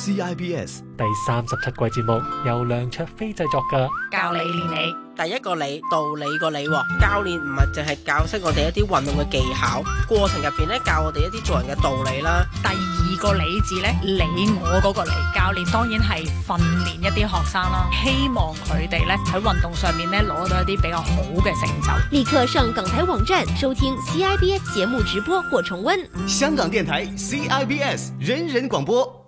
CIBS 第三十七季節目由梁卓飛製作嘅，教理你理你，第一個理，道理個理、哦，教練唔係淨係教識我哋一啲運動嘅技巧，過程入邊咧教我哋一啲做人嘅道理啦。第二個理字咧理我嗰個理。教練當然係訓練一啲學生啦，希望佢哋咧喺運動上面咧攞到一啲比較好嘅成就。立刻上港台網站收聽 CIBS 節目直播或重溫。香港電台 CIBS 人人廣播。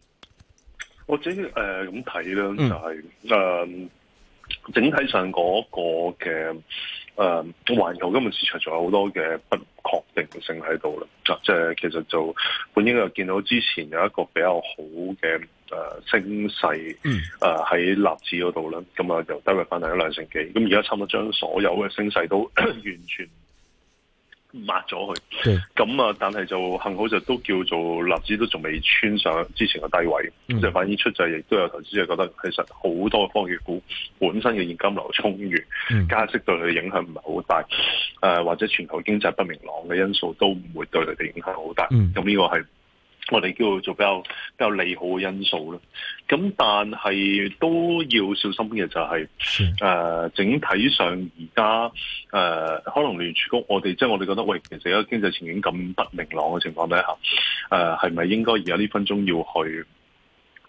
或者誒咁睇啦，就係、是、誒、呃、整體上嗰個嘅誒、呃、環球金融市場仲有好多嘅不確定性喺度啦。即、就、係、是、其實就本應該見到之前有一個比較好嘅誒升勢，誒喺納指嗰度啦。咁啊由低位反彈咗兩成幾。咁而家差唔多將所有嘅升勢都、呃、完全。抹咗佢，咁啊，但係就幸好就都叫做立子都仲未穿上之前嘅低位，就、嗯、反映出就，亦都有投資者覺得其實好多嘅科技股本身嘅現金流充裕、嗯，加息對佢嘅影響唔係好大、呃，或者全球經濟不明朗嘅因素都唔會對佢哋影響好大，咁、嗯、呢我哋叫做比較比較利好嘅因素啦，咁但係都要小心嘅就係、是、誒、呃、整體上而家誒可能聯儲局我哋即係我哋覺得喂，其實而家經濟前景咁不明朗嘅情況底下，誒係咪應該而家呢分鐘要去？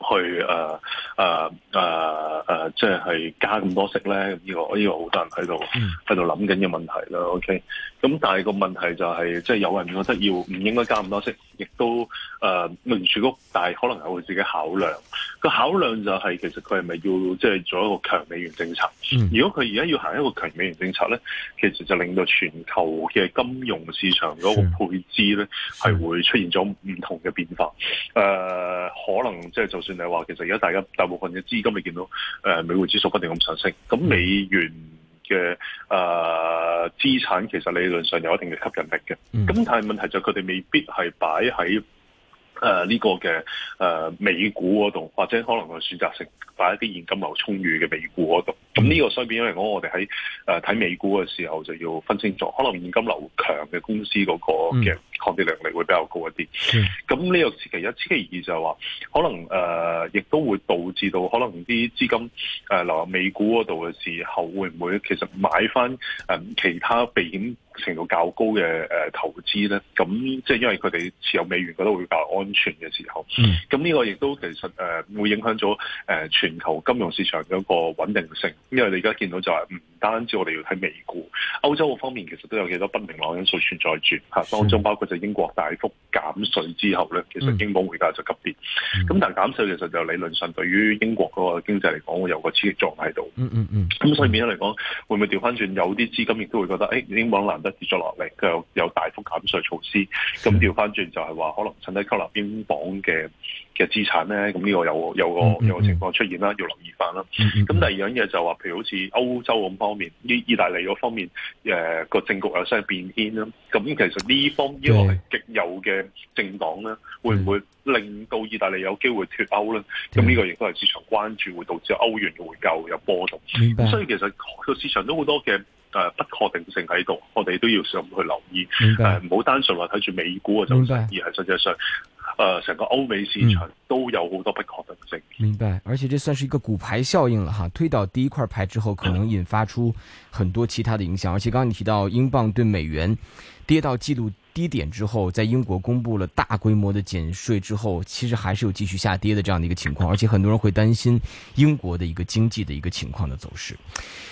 去誒誒誒誒，即係加咁多息咧？呢個呢個好多人喺度喺度諗緊嘅問題啦。OK，咁但係個問題就係，即係有人覺得要唔應該加咁多息，亦都誒明住屋，但係可能有佢自己考量。個考量就係，其實佢係咪要即係做一個強美元政策？嗯、如果佢而家要行一個強美元政策咧，其實就令到全球嘅金融市場嗰個配置咧係會出現咗唔同嘅變化。誒、呃，可能即係就算。係話其實而家大家大部分嘅資金未見到誒、呃，美匯指數不斷咁上升，咁美元嘅誒、呃、資產，其實理論上有一定嘅吸引力嘅，咁、嗯、但係問題就係佢哋未必係擺喺。誒、呃、呢、這個嘅誒、呃、美股嗰度，或者可能佢選擇性擺一啲現金流充裕嘅美股嗰度。咁呢個相變嚟講，我哋喺誒睇美股嘅時候就要分清楚，可能現金流強嘅公司嗰個嘅抗跌能力會比較高一啲。咁、嗯、呢個時期一，此其，其二就係話，可能誒亦、呃、都會導致到可能啲資金誒、呃、流入美股嗰度嘅時候，會唔會其實買翻誒、呃、其他避險？程度較高嘅誒投資咧，咁即係因為佢哋持有美元，覺得會較安全嘅時候。咁、嗯、呢個亦都其實誒、呃、會影響咗誒、呃、全球金融市場嘅一個穩定性，因為你而家見到就係唔單止我哋要睇美股，歐洲嘅方面其實都有幾多不明朗因素存在住嚇，當中包括就英國大幅減稅之後咧，其實英鎊匯價就急跌。咁、嗯、但係減稅其實就理論上對於英國嗰個經濟嚟講會有個刺激作用喺度。嗯嗯嗯。咁所以變咗嚟講，會唔會調翻轉有啲資金亦都會覺得誒、欸、英鎊難？跌咗落嚟，佢有有大幅減稅措施，咁調翻轉就係話可能趁低吸納英鎊嘅嘅資產咧，咁呢個有有個有個情況出現啦、嗯嗯，要留意翻啦。咁、嗯嗯、第二樣嘢就話，譬如好似歐洲咁方面，意意大利嗰方面，誒、呃、個政局有啲變遷啦，咁其實呢方呢個係極右嘅政黨咧，會唔會令到意大利有機會脱歐咧？咁呢個亦都係市場關注，會導致歐元嘅匯價有波動。咁所以其實個市場都好多嘅。呃，不確定性喺度，我哋都要上去留意。誒，唔、呃、好單純話睇住美股嘅走勢，而係實際上成、呃、個歐美市場都有好多不確定性。明白，而且這算是一個骨牌效應啦，哈！推倒第一塊牌之後，可能引發出很多其他的影響，嗯。而且剛剛你提到英鎊對美元跌到紀錄低點之後，在英國公布了大規模的減稅之後，其實還是有繼續下跌的這樣的一個情況。而且很多人會擔心英國的一個經濟的一個情況的走勢。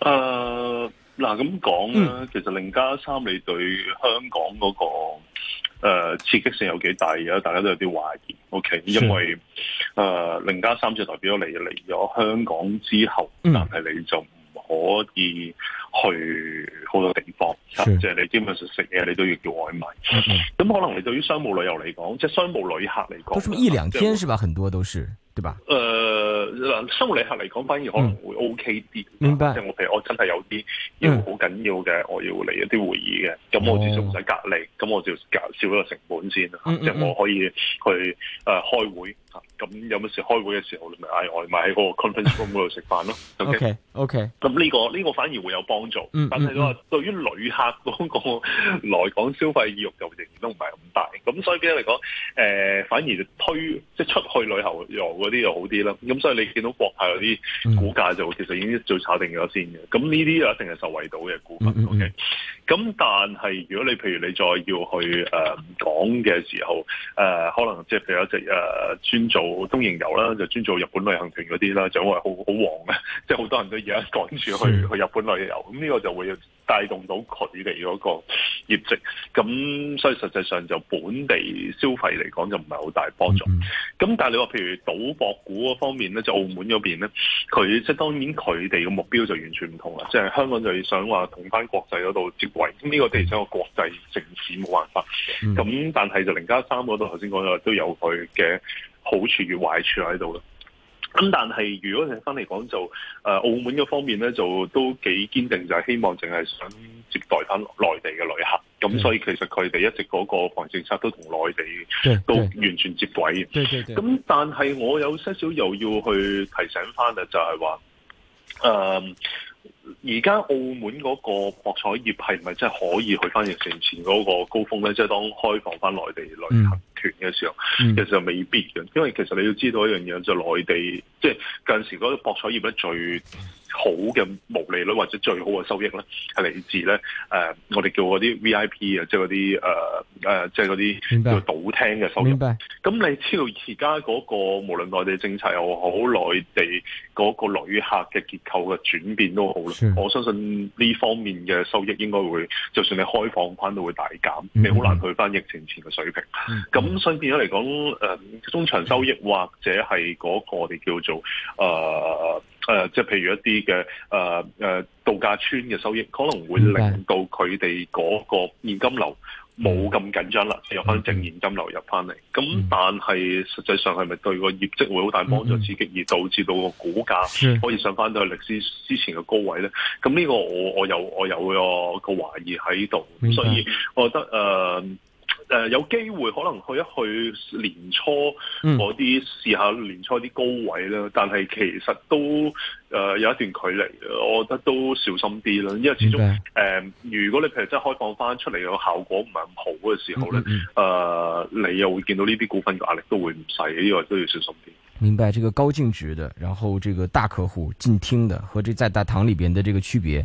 誒、呃，嗱咁講咧，其實零加三，你對香港嗰、那個誒、呃、刺激性有幾大嘅？大家都有啲懷疑。O、okay? K，因為誒、呃、零加三就代表你嚟咗香港之後，嗯、但係你就唔可以去好多地方，即係你基本上食嘢你都要叫外賣。咁、嗯嗯、可能你對於商務旅遊嚟講，即係商務旅客嚟講，一兩天是吧、就是？很多都是。誒嗱、呃，生活理客嚟講，反而可能會 O K 啲。明、嗯、白，即係我譬如我真係有啲，因為好緊要嘅，我要嚟一啲會議嘅，咁我至少唔使隔離，咁、哦、我就少咗個成本先啦、嗯嗯嗯。即係我可以去誒、呃、開會。咁有乜事開會嘅時候，你咪嗌外賣喺個 conference room 嗰度食飯咯。O K O K，咁呢個呢、呢個反而會有幫助。嗯嗯、但係你話對於旅客嗰個來港消費意欲，就仍然都唔係咁大。咁所以點解嚟講？反而推即係出去旅遊嗰啲又好啲啦。咁所以你見到國泰嗰啲股價就其實已經最炒定咗先嘅。咁呢啲又一定係受惠到嘅股份。O、嗯、K。咁、嗯 okay？但係如果你譬如你再要去誒講嘅時候，呃、可能即係譬如一隻、呃做東瀛遊啦，就專做日本旅行團嗰啲啦，就係好好旺嘅，即係好多人都而家趕住去去日本旅遊，咁呢個就會帶動到佢哋嗰個業績，咁所以實際上就本地消費嚟講就唔係好大幫助，咁、嗯、但係你話譬如賭博股嗰方面咧，就澳門嗰邊咧，佢即係當然佢哋嘅目標就完全唔同啦，即係香港就要想話同翻國際嗰度接軌，咁呢個地產個國際政治冇辦法，咁、嗯、但係就零加三嗰度頭先講咗都有佢嘅。好處與壞處喺度嘅，咁但係如果睇翻嚟講，就誒澳門嘅方面咧，就都幾堅定，就係希望淨係想接待翻內地嘅旅客，咁、嗯、所以其實佢哋一直嗰個防疫政策都同內地都完全接軌。咁但係我有些少又要去提醒翻嘅，就係話誒、嗯而家澳門嗰個博彩業係咪真係可以去翻疫情前嗰個高峰咧？即係當開放翻內地旅行團嘅時候，嗯、其實就未必嘅，因為其實你要知道一樣嘢就內地，即係近時嗰個博彩業咧最好嘅毛利率或者最好嘅收益咧係嚟自咧、呃、我哋叫嗰啲 V I P 啊，即係嗰啲即係嗰啲叫賭廳嘅收入。明白。咁你知道而家嗰個無論內地政策又好，內地嗰個旅客嘅結構嘅轉變都好。我相信呢方面嘅收益應該會，就算你開放翻都會大減，你好難去翻疫情前嘅水平。咁所以變咗嚟講，中長收益或者係嗰個我哋叫做誒。呃誒、呃，即係譬如一啲嘅誒誒度假村嘅收益，可能會令到佢哋嗰個現金流冇咁緊張啦，有、嗯、翻正現金流入翻嚟。咁、嗯、但係實際上係咪對個業績會好大幫助刺激，而導致到個股價可以上翻到去歷史之前嘅高位咧？咁呢個我我有我有個懷疑喺度，所以我覺得誒。呃誒、呃，有機會可能去一去年初嗰啲，嗯、試下年初啲高位啦，但係其實都誒、呃、有一段距離，我覺得都小心啲啦，因為始終誒、呃，如果你譬如真開放翻出嚟個效果唔係咁好嘅時候咧，誒、嗯呃，你又會見到呢啲股份嘅壓力都會唔細，因為都要小心啲。明白這個高淨值的，然後這個大客戶進廳的和這在大堂裏邊的這個區別。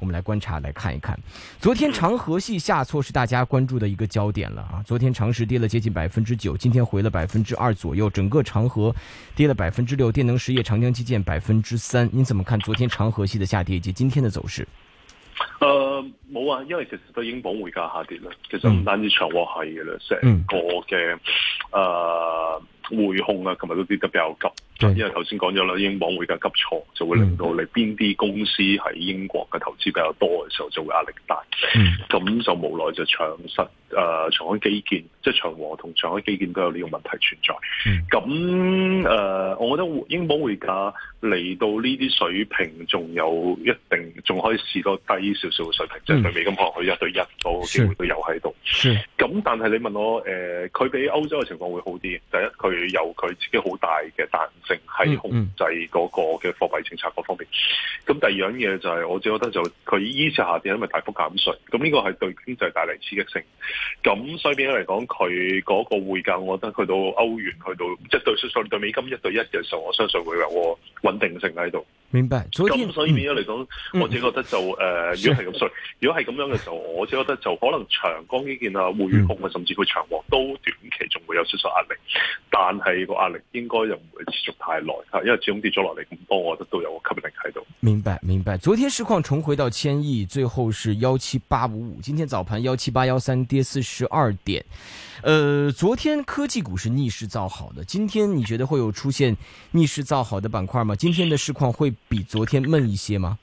我們來觀察來看一看，昨天長和系下挫是大家關注的一個焦點了啊！昨天長實跌了接近百分之九，今天回了百分之二左右，整個長和跌了百分之六，電能實業、長江基建百分之三。你怎麼看昨天長和系的下跌以及今天的走勢？呃，冇啊，因為其實對英鎊回價下跌啦，其實唔單止長和系嘅嘞，成、嗯、個嘅呃。匯控啊，琴日都跌得比較急，因為頭先講咗啦，英鎊匯價急挫就會令到你邊啲公司喺英國嘅投資比較多嘅時候就會壓力大，咁、嗯、就無奈就長實、誒、呃、長江基建，即係長和同長江基建都有呢個問題存在。咁、嗯、誒、呃，我覺得英鎊匯價嚟到呢啲水平，仲有一定，仲可以試個低少少嘅水平，即係佢美金學可以一對一，個機會都有喺度。咁但係你問我誒，佢、呃、比歐洲嘅情況會好啲。第一佢由佢自己好大嘅彈性喺控制嗰個嘅貨幣政策嗰方面。咁、嗯嗯、第二樣嘢就係、是，我只覺得就佢依次下跌，因為大幅減稅。咁呢個係對經濟帶嚟刺激性。咁所以變咗嚟講，佢嗰個匯價，我覺得去到歐元，去到即係、就是、對出對美金一對一嘅時候，我相信會有穩定性喺度。明白。咁所以變咗嚟講，我只覺得就誒、呃，如果係咁衰，如果係咁樣嘅時候，我只覺得就可能長江呢件長江基建啊匯控啊、嗯，甚至佢長和都短期仲會有輸出壓力，但但係個壓力應該又唔會持續太耐，因為始終跌咗落嚟咁多，我覺得都有個吸引力喺度。明白，明白。昨天市況重回到千億，最後是幺七八五五，今天早盤幺七八幺三跌四十二點。呃，昨天科技股是逆市造好的，今天你覺得會有出現逆市造好的板塊嗎？今天的市況會比昨天悶一些嗎？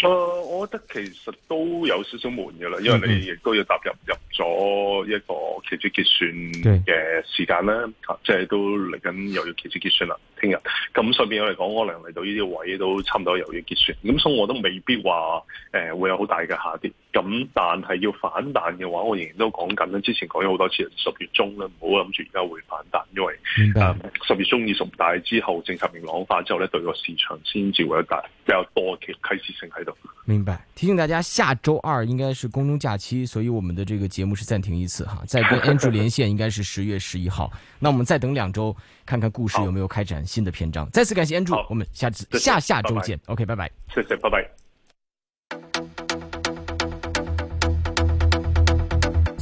誒、uh,，我覺得其實都有少少悶噶啦，因為你亦都要踏入入咗一個期指結算嘅時間啦，okay. 即係都嚟緊又要期指結算啦，聽日。咁順便我嚟講，我可能嚟到呢啲位都差唔多又要結算，咁所以我都未必話誒、呃、會有好大嘅下跌。咁但係要反彈嘅話，我仍然都講緊啦。之前講咗好多次，十月中呢，唔好諗住而家會反彈，因為啊、呃、十月中二十大之後，政策明朗化之後呢，對個市場先至會有大比較多嘅啟示性喺度。明白，提醒大家，下周二應該是公眾假期，所以我們的這個節目是暫停一次哈。再跟 Andrew 連線應該是十月十一號， 那我們再等兩週，看看故事有沒有開展新的篇章。再次感謝 Andrew，我們下次下下周見，OK，拜拜，okay, bye bye 謝謝，拜拜。Bye bye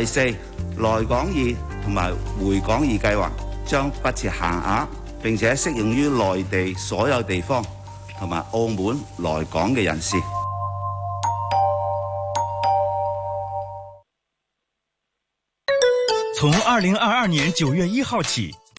第四，來港易同埋回港易計劃將不設限額，並且適用於內地所有地方同埋澳門來港嘅人士。從二零二二年九月一號起。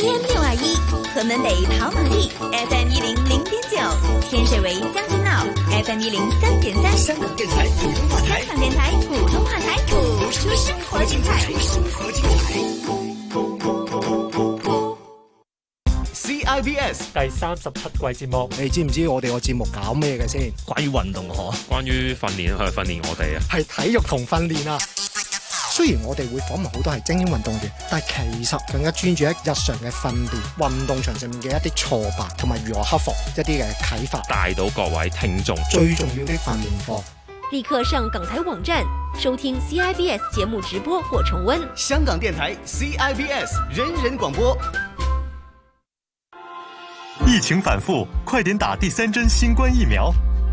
FM 六二一，河門北跑馬地，FM 一零零點九，天水圍、將軍澳 FM 一零三點三，香港電台普通話台，香港電台普通話台，播出生活精彩，生活精彩。CIBS 第三十七季節目，你知唔知我哋個節目搞咩嘅先？關於運動嗬，關於訓練去訓練我哋啊，係體育同訓練啊。雖然我哋會訪問好多係精英運動員，但係其實更加專注喺日常嘅訓練、運動場上面嘅一啲挫敗同埋如何克服一啲嘅啟發，帶到各位聽眾最重要嘅訓練課。立刻上港台網站收聽 CIBS 節目直播或重溫。香港電台 CIBS 人人廣播。疫情反覆，快點打第三針新冠疫苗。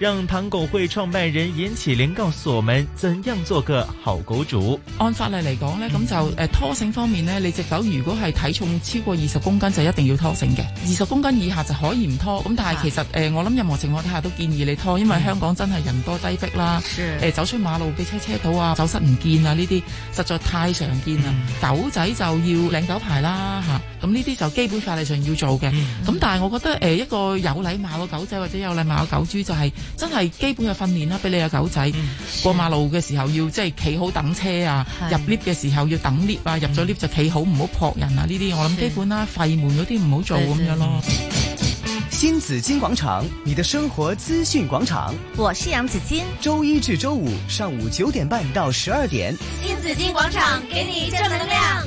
讓唐狗會創辦人嚴啟玲告訴我們怎樣做個好狗主。按法例嚟講呢，咁就誒、嗯呃、拖繩方面呢，你隻狗如果係體重超過二十公斤就一定要拖繩嘅，二十公斤以下就可以唔拖。咁但係其實誒、啊呃，我諗任何情況底下都建議你拖，因為香港真係人多擠逼。啦誒、嗯呃，走出馬路俾車車到啊，走失唔見啊，呢啲實在太常見啦、嗯。狗仔就要領狗牌啦，吓，咁呢啲就基本法例上要做嘅。咁、嗯嗯、但係我覺得誒、呃，一個有禮貌嘅狗仔或者有禮貌嘅狗主就係、是。真係基本嘅訓練啦，俾你阿狗仔、嗯、過馬路嘅時候要即係企好等車啊，入 lift 嘅時候要等 lift 啊，嗯、入咗 lift 就企好唔好撲人啊呢啲，我諗基本啦、啊，吠門嗰啲唔好做咁樣咯。新紫金廣場，你的生活資訊廣場，我係楊紫金，周一至周五上午九點半到十二點，新紫金廣場給你正能量。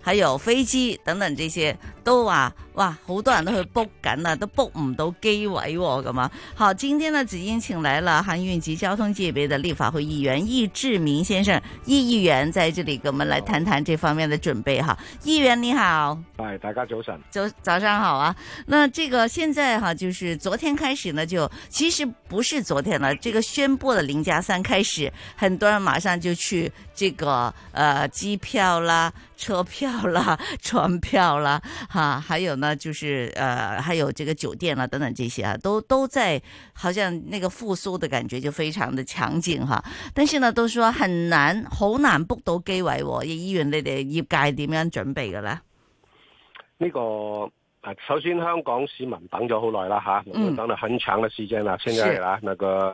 還有飛機等等這些都話，哇，好多人都去 book 緊啦，都 book 唔到機位咁啊！好，今天呢，子英請來了航運及交通界別的立法會議員易志明先生，易議員在這裏跟我們來談談這方面的準備哈、哦。議員你好，嗨，大家早晨，早早上好啊。那這個現在哈、啊，就是昨天開始呢，就其實不是昨天了。這個宣布的零加三開始，很多人馬上就去這個，呃，機票啦。車票啦、船票啦，哈，還有呢，就是，呃，還有這個酒店啦，等等這些啊，都都在，好像那個復蘇的感覺就非常的強勁哈。但是呢，都說很難，好難 book 到機位，易議員你哋業界點樣準備嘅呢？呢、這個首先香港市民等咗好耐啦，吓、嗯，等咗很長的時間啦，現在啦，那個。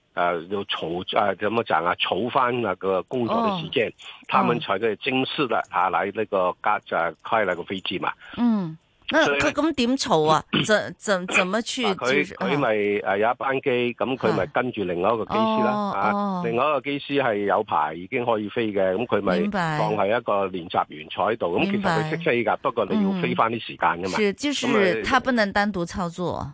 誒、啊，要儲誒，點樣講啊？儲翻個工作嘅時間、哦，他們才嘅正式下嚟呢個架就開嚟個飛機嘛。嗯，佢咁點儲啊？怎怎怎麼去？佢佢咪誒有一班機，咁佢咪跟住另外一個機師啦。另外一個機師係有排已經可以飛嘅，咁佢咪放喺一個練習員坐喺度。咁、啊、其實佢識飛噶、嗯，不過你要飛翻啲時間噶嘛。是，就是他不能單獨操作。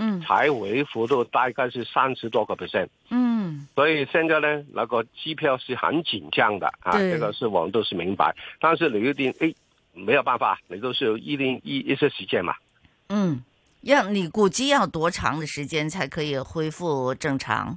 嗯，才回幅度大概是三十多個 percent，嗯，所以現在呢，那個機票是很緊張的啊，這個是我們都是明白，但是你一定誒、哎，沒有辦法，你都是有一定一一些時間嘛，嗯，要你估計要多長的時間才可以恢復正常？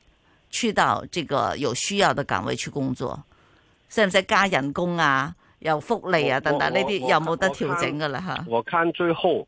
去到這個有需要的崗位去工作，使唔使加人工啊？有福利啊？等等呢啲有冇得調整噶啦？吓，我看最後。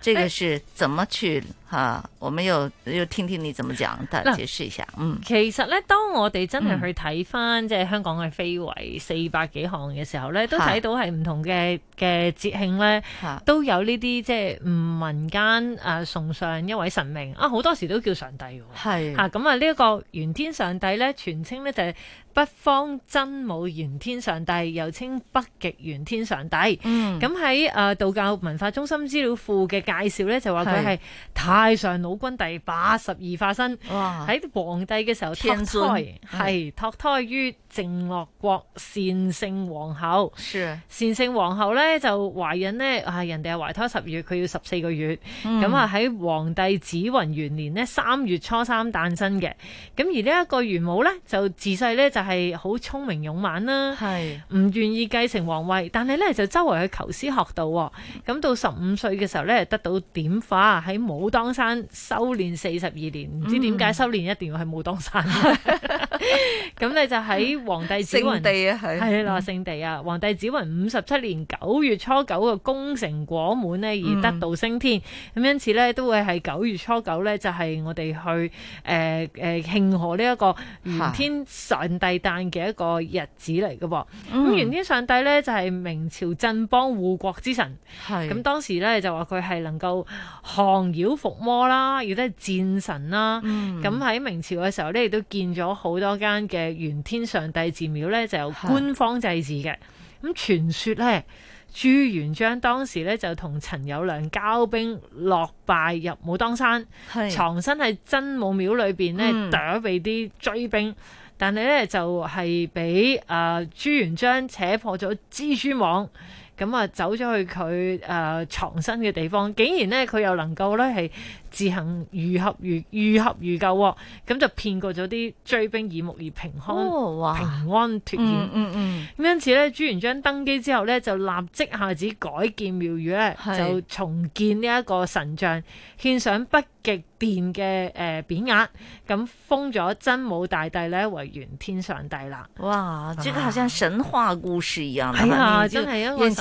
這個是怎麼去哈、哎啊？我們又又聽聽你怎麼講，解釋一下。嗯，其實咧，當我哋真係去睇返即係香港嘅非遺四百幾項嘅時候咧、嗯，都睇到係唔同嘅嘅、啊、節慶咧、啊，都有呢啲即係民間啊崇上一位神明啊，好多時都叫上帝嘅。係吓咁啊，呢、這、一個玄天上帝咧，全稱咧就係、是。北方真武玄天上帝，又稱北極玄天上帝。咁、嗯、喺、呃、道教文化中心資料庫嘅介紹呢，就話佢係太上老君第八十二化身。哇，喺皇帝嘅時候，託胎，係、嗯、託胎於。靜樂國善聖皇后，善聖皇后咧，就懷孕呢啊，人哋係懷胎十月，佢要十四個月，咁啊，喺皇帝紫雲元年呢，三月初三誕生嘅，咁而呢一個玄武咧就自細咧就係好聰明勇猛啦，係唔願意繼承皇位，但係咧就周圍去求師學道，咁到十五歲嘅時候咧得到點化，喺武當山修煉四十二年，唔知點解修煉一定要喺武當山，咁、嗯、你 就喺。皇帝紫雲地啊，係啦，聖地啊！皇帝紫雲五十七年九月初九個功成果滿呢，而得道升天咁、嗯，因此咧都會係九月初九咧就係、是、我哋去誒誒慶賀呢一個、嗯、元天上帝誕嘅一個日子嚟嘅噃。咁玄天上帝咧就係、是、明朝鎮邦護國之神，係咁當時咧就話佢係能夠降妖伏魔啦，亦都係戰神啦。咁、嗯、喺明朝嘅時候咧亦都建咗好多間嘅玄天上。帝寺廟咧就有官方祭祀嘅，咁傳說咧朱元璋當時咧就同陳友諒交兵落敗入武當山，係藏身喺真武廟裏邊咧躲避啲追兵，但係咧就係俾誒朱元璋扯破咗蜘蛛網。咁啊，走咗去佢誒藏身嘅地方，竟然咧佢又能夠咧係自行愈合，愈愈合，如舊，咁就騙過咗啲追兵，耳目而平安平安脫險。嗯嗯。咁因此咧，朱元璋登基之後咧，就立即下子改建廟宇咧，就重建呢一個神像，獻上北極殿嘅誒匾額，咁、呃、封咗真武大帝咧為玄天上帝啦。哇！即、這個好似神話故事一樣，係啊，啊真係一個。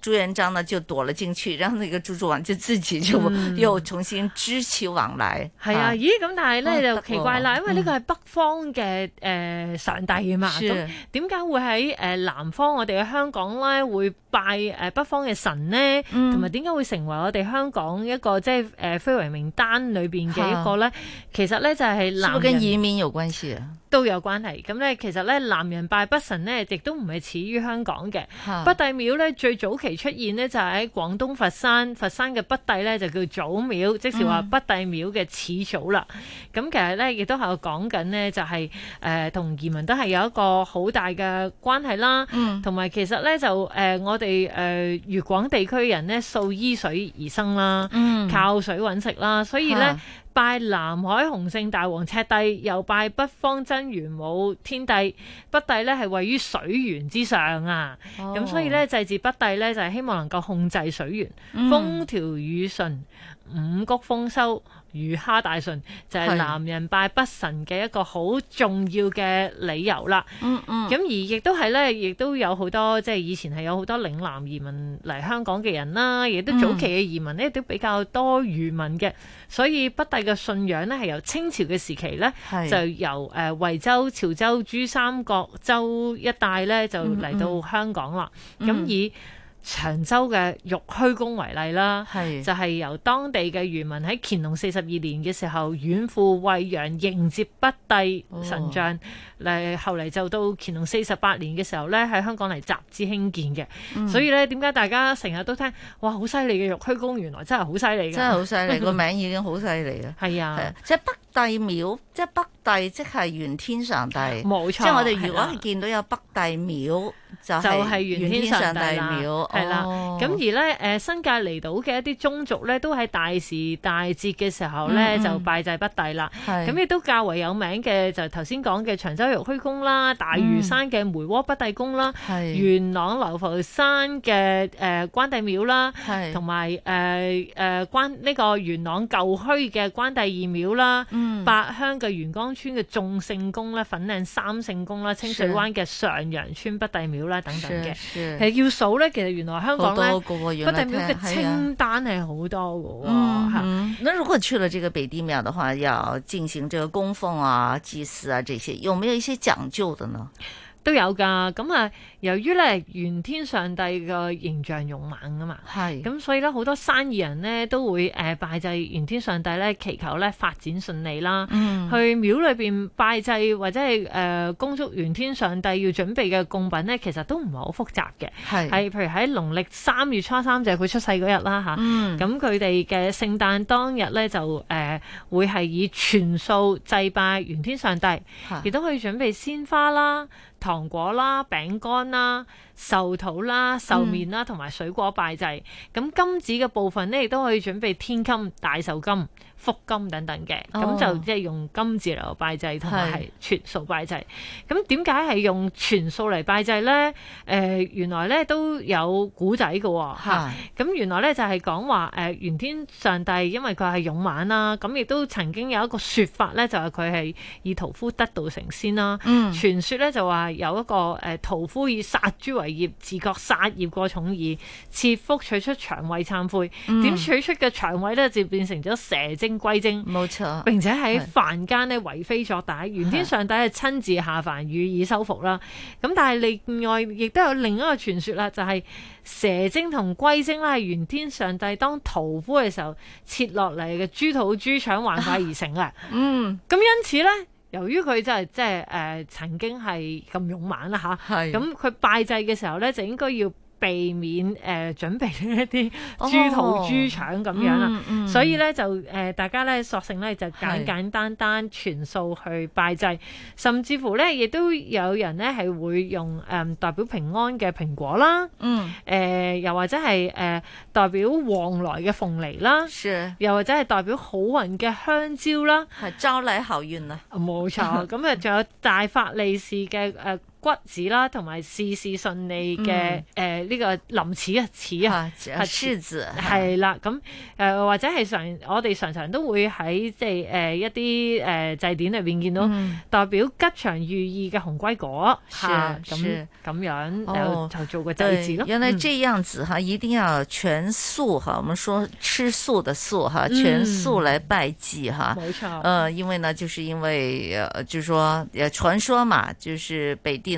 朱元璋呢就躲了進去，然後呢個蜘蛛網就自己就又重新織起網嚟。係、嗯、啊，啊，咦咁？但係咧、哦、就奇怪啦、哦，因為呢個係北方嘅誒、嗯呃、上帝嘛，點解、嗯、會喺誒南方我哋嘅香港咧會拜誒北方嘅神呢？同埋點解會成為我哋香港一個即係誒非遺名單裏邊嘅一個咧、啊？其實咧就係、是、南人，跟移民有關係啊，都有關係。咁、嗯、咧其實咧南人拜北神咧亦都唔係始於香港嘅，北、啊、帝廟咧最早期。出現呢就喺、是、廣東佛山，佛山嘅北帝呢就叫祖廟，即是話北帝廟嘅始祖啦。咁、嗯、其實呢亦都係講緊呢，就係誒同移民都係有一個好大嘅關係啦。同、嗯、埋其實呢，就誒、呃、我哋誒粵港地區人呢，素依水而生啦，嗯、靠水揾食啦，所以呢。拜南海洪聖大王赤帝，又拜北方真元武天帝。北帝呢，係位於水源之上啊，咁、oh. 所以呢，祭祀北帝呢，就係希望能夠控制水源，mm. 風調雨順，五谷豐收。魚蝦大順就係、是、南人拜北神嘅一個好重要嘅理由啦。嗯嗯。咁而亦都係咧，亦都有好多即係以前係有好多嶺南移民嚟香港嘅人啦。亦都早期嘅移民咧都比較多漁民嘅，所以北帝嘅信仰咧係由清朝嘅時期咧就由誒惠、呃、州、潮州、珠三角州一帶咧就嚟到香港啦。咁、嗯嗯嗯、而長洲嘅玉虛宮為例啦，就係、是、由當地嘅漁民喺乾隆四十二年嘅時候遠赴惠陽迎接北帝神像，嚟、哦、後嚟就到乾隆四十八年嘅時候咧喺香港嚟集資興建嘅、嗯。所以咧，點解大家成日都聽，哇，好犀利嘅玉虛宮，原來真係好犀利嘅。真係好犀利，個 名已經好犀利啦。係啊，是即係北帝廟，即係北帝，即係玄天上帝。冇錯，即係我哋如果係、啊、見到有北帝廟。就係、是元，就是、玄天上帝廟，係、哦、啦。咁而咧，新界離島嘅一啲宗族咧，都喺大時大節嘅時候咧、嗯，就拜祭北帝啦。咁亦都較為有名嘅就頭先講嘅長洲玉虛宮啦，大嶼山嘅梅窩北帝宮啦、嗯，元朗流浮山嘅誒關帝廟啦，同埋誒誒呢個元朗舊墟嘅關帝二廟啦、嗯，八鄉嘅元江村嘅眾聖宮啦，粉嶺三聖宮啦，清水灣嘅上洋村北帝廟。啦，等等嘅，係要數咧。其實原來香港咧，北帝廟嘅清單係好多嘅、哦。吓，咁、嗯、如果去了這個北帝廟的話，要進行這個供奉啊、祭祀啊這些，有沒有一些講究的呢？都有噶咁啊！由於咧，玄天上帝個形象勇猛啊嘛，咁，所以咧好多生意人呢都會誒拜祭玄天上帝咧，祈求咧發展順利啦、嗯。去廟裏面拜祭或者係誒恭祝玄天上帝要準備嘅供品咧，其實都唔係好複雜嘅，係譬如喺農曆三月初三就係佢、是、出世嗰日啦吓，咁佢哋嘅聖誕當日咧就誒、呃、會係以全數祭拜玄天上帝，亦都可以準備鮮花啦。糖果啦、餅乾啦、壽桃啦、壽麵啦，同埋水果拜祭。咁、嗯、金紙嘅部分咧，亦都可以準備天金大壽金，福金等等嘅，咁、哦、就即係用金字嚟拜祭，同埋係全數拜祭。咁點解係用全數嚟拜祭咧？誒、呃、原來咧都有古仔嘅。吓，咁原來咧就係講話誒玄天上帝因為佢係勇猛啦，咁亦都曾經有一個說法咧，就係佢係以屠夫得道成仙啦。傳、嗯、說咧就話有一個誒屠夫以殺豬為業，自覺殺業過重而切腹取出腸胃懺悔，點、嗯、取出嘅腸胃咧就變成咗蛇精。龜精冇錯，並且喺凡間咧為非作歹，玄天上帝係親自下凡予以收服啦。咁但係另外亦都有另一個傳說啦，就係、是、蛇精同龜精啦，係玄天上帝當屠夫嘅時候切落嚟嘅豬肚豬腸幻化而成嘅。嗯，咁因此咧，由於佢就係即係誒曾經係咁勇猛啦吓，咁佢拜祭嘅時候咧就應該要。避免誒、呃、準備一啲豬肚、豬腸咁樣啦，啊哦嗯嗯，所以咧就誒、呃、大家咧索性咧就簡簡單單全數去拜祭，甚至乎咧亦都有人咧係會用誒、嗯、代表平安嘅蘋果啦，嗯，誒、呃、又或者係誒、呃、代表旺來嘅鳳梨啦，又或者係代表好運嘅香蕉啦，係招嚟好運啊，冇錯，咁誒仲有大發利是嘅誒，呃骨子啦，同埋事事順利嘅誒，呢、嗯呃這個臨齒啊，齒啊，係子係啦，咁、啊、誒、呃、或者係常我哋常常都會喺即係誒一啲誒、呃、祭典裏邊見到代表吉祥寓意嘅紅龜果吓，咁、嗯、咁、啊啊、樣、哦、就做個祭祀咯。原來這樣子哈、嗯，一定要全素哈，我們說吃素的素哈，全素嚟拜祭哈，冇、嗯、錯，呃，因為呢，就是因為，誒、就是，就說傳說嘛，就是北帝。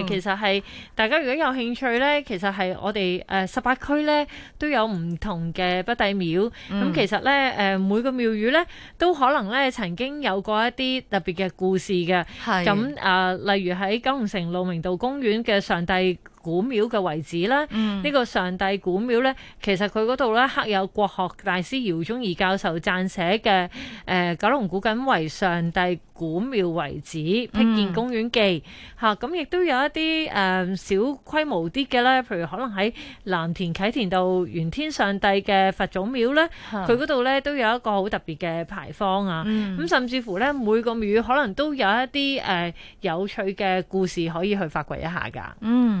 嗯、其實係大家如果有興趣咧，其實係我哋誒十八區咧都有唔同嘅北帝廟。咁、嗯、其實咧誒、呃、每個廟宇咧都可能咧曾經有過一啲特別嘅故事嘅。咁誒、呃、例如喺九龍城路明道公園嘅上帝古廟嘅位置啦，呢、嗯這個上帝古廟咧，其實佢嗰度咧刻有國學大師饒宗頤教授撰寫嘅《誒、呃、九龍古瑾圍上帝古廟遺址、嗯、辟建公園記》嚇、啊，咁亦都有一啲誒、嗯、小規模啲嘅咧，譬如可能喺藍田啟田道玄天上帝嘅佛祖廟咧，佢嗰度咧都有一個好特別嘅牌坊、嗯、啊，咁甚至乎咧每個廟可能都有一啲誒、呃、有趣嘅故事可以去發掘一下㗎。嗯。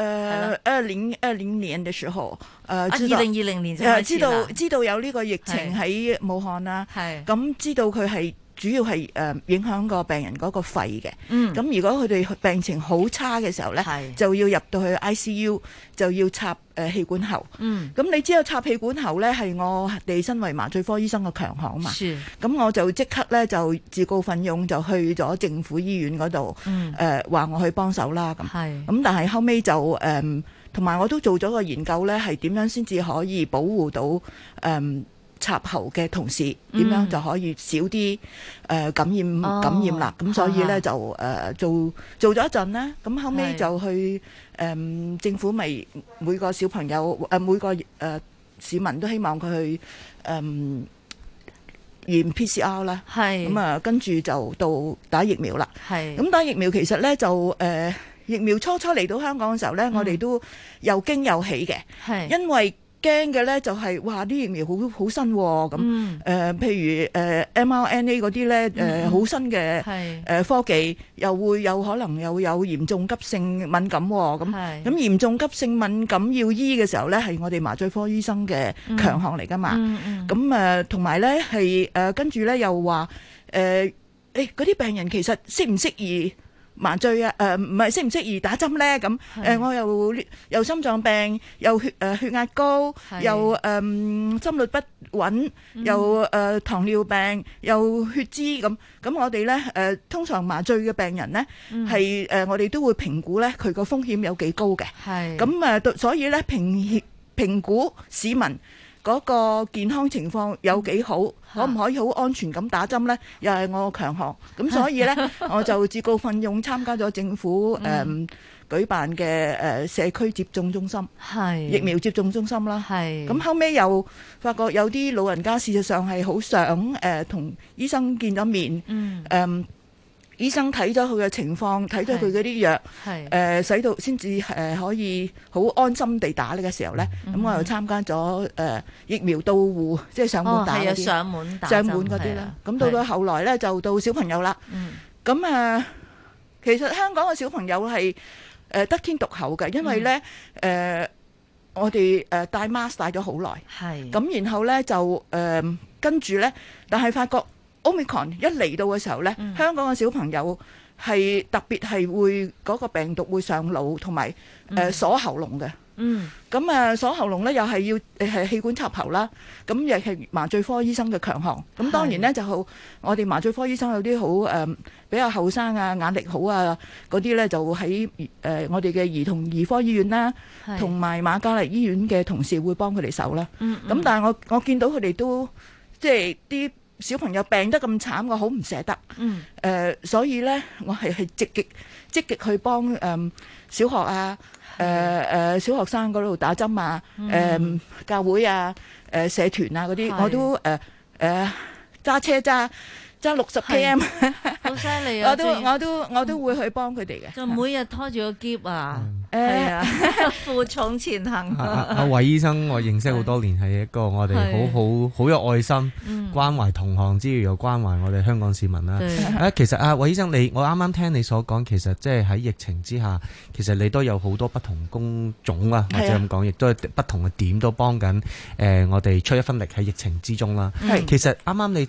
誒、呃、二零二零年嘅時候，誒二零二零年就知道知道有呢個疫情喺武漢啦，係咁知道佢係。主要係、呃、影響個病人嗰個肺嘅，咁、嗯、如果佢哋病情好差嘅時候呢，就要入到去 I C U，就要插誒、呃、氣管喉。咁、嗯、你知道插氣管喉呢，係我哋身為麻醉科醫生嘅強項嘛？咁我就即刻呢，就自告奮勇就去咗政府醫院嗰度誒，話、嗯呃、我去幫手啦。咁咁但係後尾，就同埋我都做咗個研究呢，係點樣先至可以保護到、呃插喉嘅同事點樣就可以少啲誒、嗯呃、感染、哦、感染啦，咁、嗯、所以咧、啊、就誒、呃、做做咗一陣咧，咁後屘就去誒、嗯、政府咪每個小朋友誒、呃、每個誒、呃、市民都希望佢去誒、呃、驗 PCR 啦，係咁啊，跟住就到打疫苗啦，係咁打疫苗其實咧就誒、呃、疫苗初初嚟到香港嘅時候咧、嗯，我哋都又驚又喜嘅，係因為。驚嘅咧就係、是、哇啲疫苗好好新咁、哦，誒、嗯呃、譬如、誒、呃、mRNA 嗰啲咧誒好新嘅誒、呃、科技，又會有可能又有嚴重急性敏感咁、哦，咁嚴重急性敏感要醫嘅時候咧係我哋麻醉科醫生嘅強項嚟㗎嘛，咁誒同埋咧係誒跟住咧又話誒誒嗰啲病人其實適唔適宜？麻醉啊，誒唔係適唔適宜打針咧？咁、呃、我又有心臟病，又血誒、呃、血壓高，又誒心率不穩，又誒、呃、糖尿病，又血脂咁。咁我哋咧誒通常麻醉嘅病人咧係誒我哋都會評估咧佢個風險有幾高嘅。係咁誒，所以咧評評估市民。嗰、那個健康情況有幾好，嗯、可唔可以好安全咁打針呢？又係我強項，咁所以呢， 我就自告奮勇參加咗政府誒、嗯呃、舉辦嘅社區接種中心，疫苗接種中心啦。咁後尾又發覺有啲老人家事實上係好想誒同、呃、醫生見咗面，嗯呃醫生睇咗佢嘅情況，睇咗佢嗰啲藥，誒使到先至誒可以好安心地打呢個時候咧。咁我又參加咗誒疫苗到戶，即係上門打啲，上門嗰啲啦。咁到到後來咧，就到小朋友啦。咁啊，其實香港嘅小朋友係誒得天獨厚嘅，因為咧誒我哋誒戴 mask 戴咗好耐，咁然後咧就誒跟住咧，但係發覺。Omicron 一嚟到嘅時候呢、嗯，香港嘅小朋友係特別係會嗰、嗰個病毒會上腦同埋誒鎖喉嚨嘅。嗯，咁啊鎖喉嚨呢又係要係氣管插喉啦。咁又係麻醉科醫生嘅強項。咁當然呢，就好，我哋麻醉科醫生有啲好誒、呃、比較後生啊，眼力好啊嗰啲呢，就喺誒、呃、我哋嘅兒童兒科醫院啦，同埋瑪嘉烈醫院嘅同事會幫佢哋手啦。咁、嗯嗯、但係我我見到佢哋都即係啲。小朋友病得咁慘，我好唔捨得。誒、嗯呃，所以咧，我係係積極積極去幫誒、嗯、小學啊、誒誒、呃、小學生嗰度打針啊、誒、嗯呃、教會啊、誒、呃、社團啊嗰啲，我都誒誒揸車揸。即六十 KM，好犀利啊！我都我都、嗯、我都會去幫佢哋嘅。就每日拖住個箧啊，誒、嗯，負重、啊欸、 前行啊啊。阿阿韋醫生，我認識好多年，係一個我哋好好好有愛心、嗯、關懷同行之餘又關懷我哋香港市民啦。誒、啊，其實阿韋、啊、醫生，你我啱啱聽你所講，其實即係喺疫情之下，其實你都有好多不同工種啊，或者咁講，亦都係不同嘅點都幫緊誒，我哋出一分力喺疫情之中啦。係、嗯，其實啱啱你。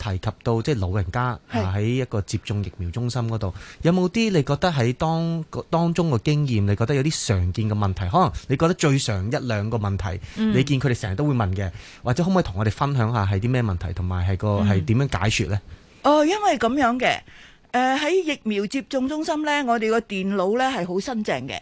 提及到即係老人家喺一個接種疫苗中心嗰度，有冇啲你覺得喺當當中嘅經驗？你覺得有啲常見嘅問題，可能你覺得最常一兩個問題，你見佢哋成日都會問嘅，或者可唔可以同我哋分享下係啲咩問題，同埋係個係點樣解決咧？哦，因為咁樣嘅，誒喺疫苗接種中心咧，我哋個電腦咧係好新淨嘅，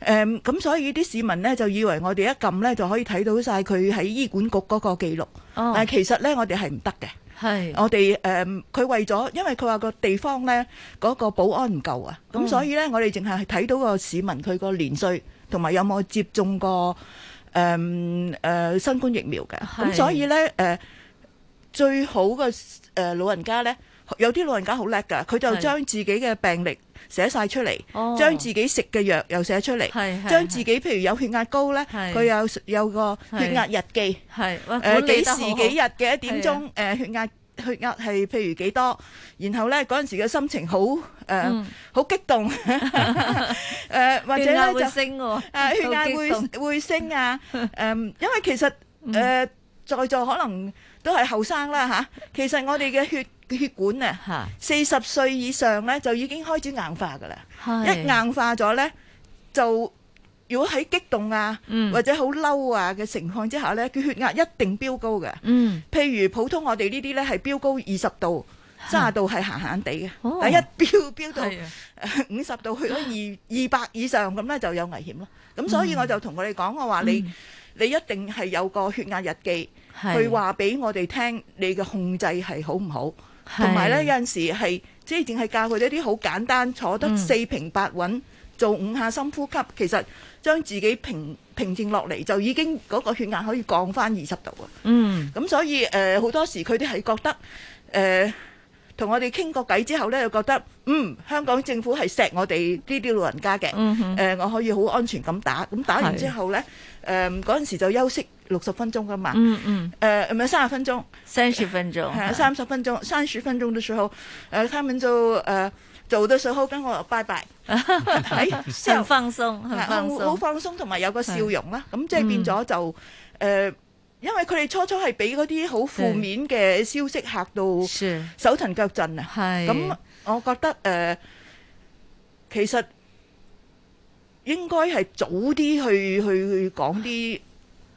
誒咁所以啲市民咧就以為我哋一撳咧就可以睇到晒佢喺醫管局嗰個記錄，但係其實咧我哋係唔得嘅。係，我哋誒佢為咗，因為佢話個地方咧嗰、嗰個保安唔夠啊，咁所以咧、哦、我哋淨係睇到個市民佢個年歲同埋有冇接種過誒誒、嗯呃、新冠疫苗嘅，咁、嗯、所以咧誒、呃、最好嘅誒、呃、老人家咧。有啲老人家好叻㗎，佢就將自己嘅病歷寫晒出嚟，將自己食嘅藥又寫出嚟，將自己譬如有血壓高咧，佢有有個血壓日記，誒幾時幾日嘅一點鐘，誒血壓血壓係譬如幾多，然後咧嗰陣時嘅心情好誒好激動，誒或者咧就誒血壓會會升啊，誒因為其實誒在座可能，都係後生啦嚇，其實我哋嘅血血管啊，四十歲以上咧就已經開始硬化噶啦，一硬化咗咧就如果喺激動啊，或者好嬲啊嘅情況之下咧，佢、嗯、血壓一定飆高嘅、嗯。譬如普通我哋呢啲咧係飆高二十度、三十度係閒閒地嘅，但、哦、一飆飆到五十度去咗二二百以上咁咧就有危險咯。咁、嗯、所以我就同佢哋講，我話你你一定係有個血壓日記。佢話俾我哋聽，你嘅控制係好唔好？同埋呢，有陣時係即係淨係教佢一啲好簡單，坐得四平八穩、嗯，做五下深呼吸，其實將自己平平靜落嚟就已經嗰個血壓可以降翻二十度啊！嗯，咁所以呃、好多時佢哋係覺得呃、同我哋傾個偈之後呢，又覺得嗯香港政府係錫我哋呢啲老人家嘅，誒、嗯呃、我可以好安全咁打，咁打完之後呢，呃、嗰陣時就休息。六十分鐘噶嘛？嗯嗯。誒唔係三十分鐘。三十分鐘係三十分鐘，三、呃、十分鐘嘅、嗯、時候，誒、呃，他們就誒、呃、做到咁好，跟我拜拜。係、 哎，好放鬆，好放鬆，同、嗯、埋、嗯、有個笑容啦。咁即係變咗就誒、呃，因為佢哋初初係俾嗰啲好負面嘅消息嚇到手騰腳震啊。係。咁我覺得誒、呃，其實應該係早啲去去，去講啲。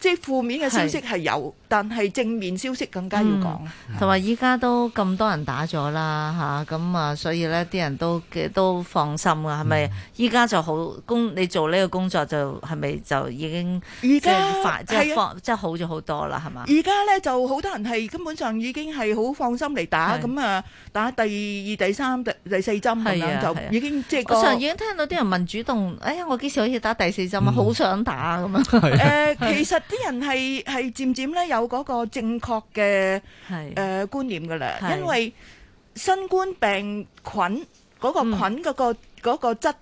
即係負面嘅消息係有。但係正面消息更加要講、嗯，同埋依家都咁多人打咗啦吓，咁啊，啊所以咧啲人都都放心啊，係咪？依、嗯、家就好工，你做呢個工作就係咪就已經即家快，即係即係，啊、好咗好多啦，係嘛？而家咧就好多人係根本上已經係好放心嚟打，咁啊，啊打第二、第二、第三、第第四針係啦，就已經即係，啊就是、我成日已經聽到啲人問主動，哎呀，我幾時可以打第四針、嗯、啊？好想打咁樣，誒、啊啊啊、其實啲人係係漸漸咧有。嗰個正確嘅係誒觀念噶啦，因為新冠病菌嗰個菌嗰個嗰個質。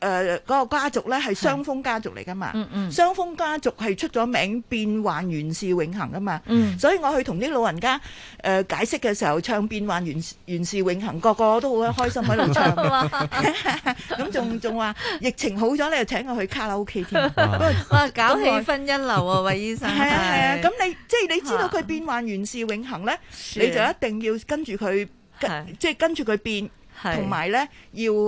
誒、呃、嗰、那個家族咧係雙峯家族嚟㗎嘛，嗯嗯，雙峯家族係出咗名變幻原是永恆㗎嘛、嗯，所以我去同啲老人家誒、呃、解釋嘅時候唱變幻原原是永恆」，個個都好開心喺度唱，咁仲仲話疫情好咗你就請我去卡拉 OK 添 因為，哇、 啊， 搞氣氛一流啊，韋醫生，係係啊。咁、啊啊、你即係、就是、你知道佢變幻原是永恆」咧，你就一定要跟住佢，即係、啊、跟住佢、就是、變，同埋咧要誒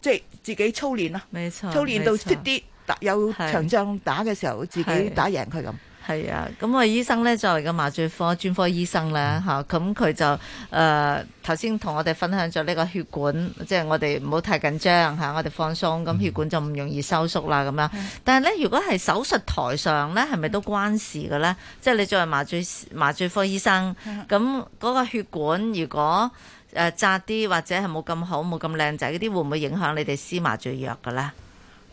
即係。嗯就是自己操練啦，操練到識啲，有場仗打嘅時候自己打贏佢咁。係啊，咁啊醫生咧作為個麻醉科專科醫生咧嚇，咁、嗯、佢、啊、就誒頭先同我哋分享咗呢個血管，即、就、係、是、我哋唔好太緊張、啊、我哋放鬆，咁血管就唔容易收縮啦咁樣。嗯、但係咧，如果係手術台上咧，係咪都關事嘅咧？即係你作為麻醉麻醉科醫生，咁、嗯、嗰個血管如果。誒、呃，窄啲或者係冇咁好，冇咁靚仔嗰啲，會唔會影響你哋施麻醉藥嘅咧？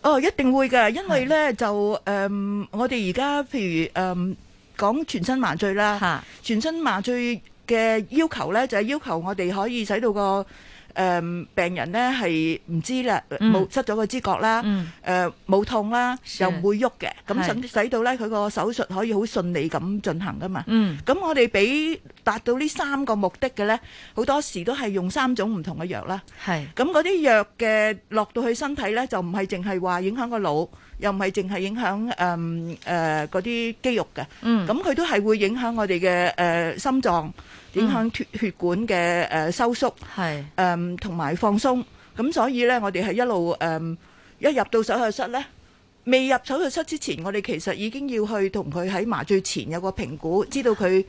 哦，一定會嘅，因為咧就誒、呃，我哋而家譬如誒講、呃、全身麻醉啦，全身麻醉嘅要求咧就係、是、要求我哋可以使到個。誒、嗯、病人咧係唔知啦，冇失咗個知覺啦，嗯、誒、冇痛啦，又唔會喐嘅，咁使使到咧佢個手術可以好順利咁進行噶嘛。咁、嗯、我哋俾達到呢三個目的嘅咧，好多時都係用三種唔同嘅藥啦。係咁嗰啲藥嘅落到去身體咧，就唔係淨係話影響個腦，又唔係淨係影響誒誒嗰啲肌肉嘅。咁、嗯、佢都係會影響我哋嘅誒心臟。影響到血管嘅誒收縮，誒同埋放鬆，咁所以呢，我哋係一路誒一入到手術室呢，未入手術室之前，我哋其實已經要去同佢喺麻醉前有個評估，知道佢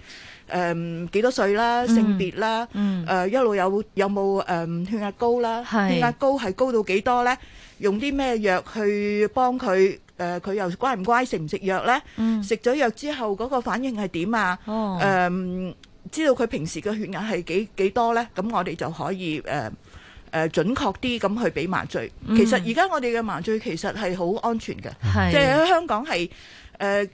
誒幾多歲啦，性別啦，誒一路有有冇誒血壓高啦，血壓高係高到幾多呢？用啲咩藥去幫佢？誒佢又乖唔乖？食唔食藥呢？食咗藥之後嗰個反應係點啊？誒？知道佢平時嘅血壓係幾幾多少呢？咁我哋就可以誒誒、呃、準確啲咁去俾麻醉。嗯、其實而家我哋嘅麻醉其實係好安全嘅，即係、就是、喺香港係誒、呃、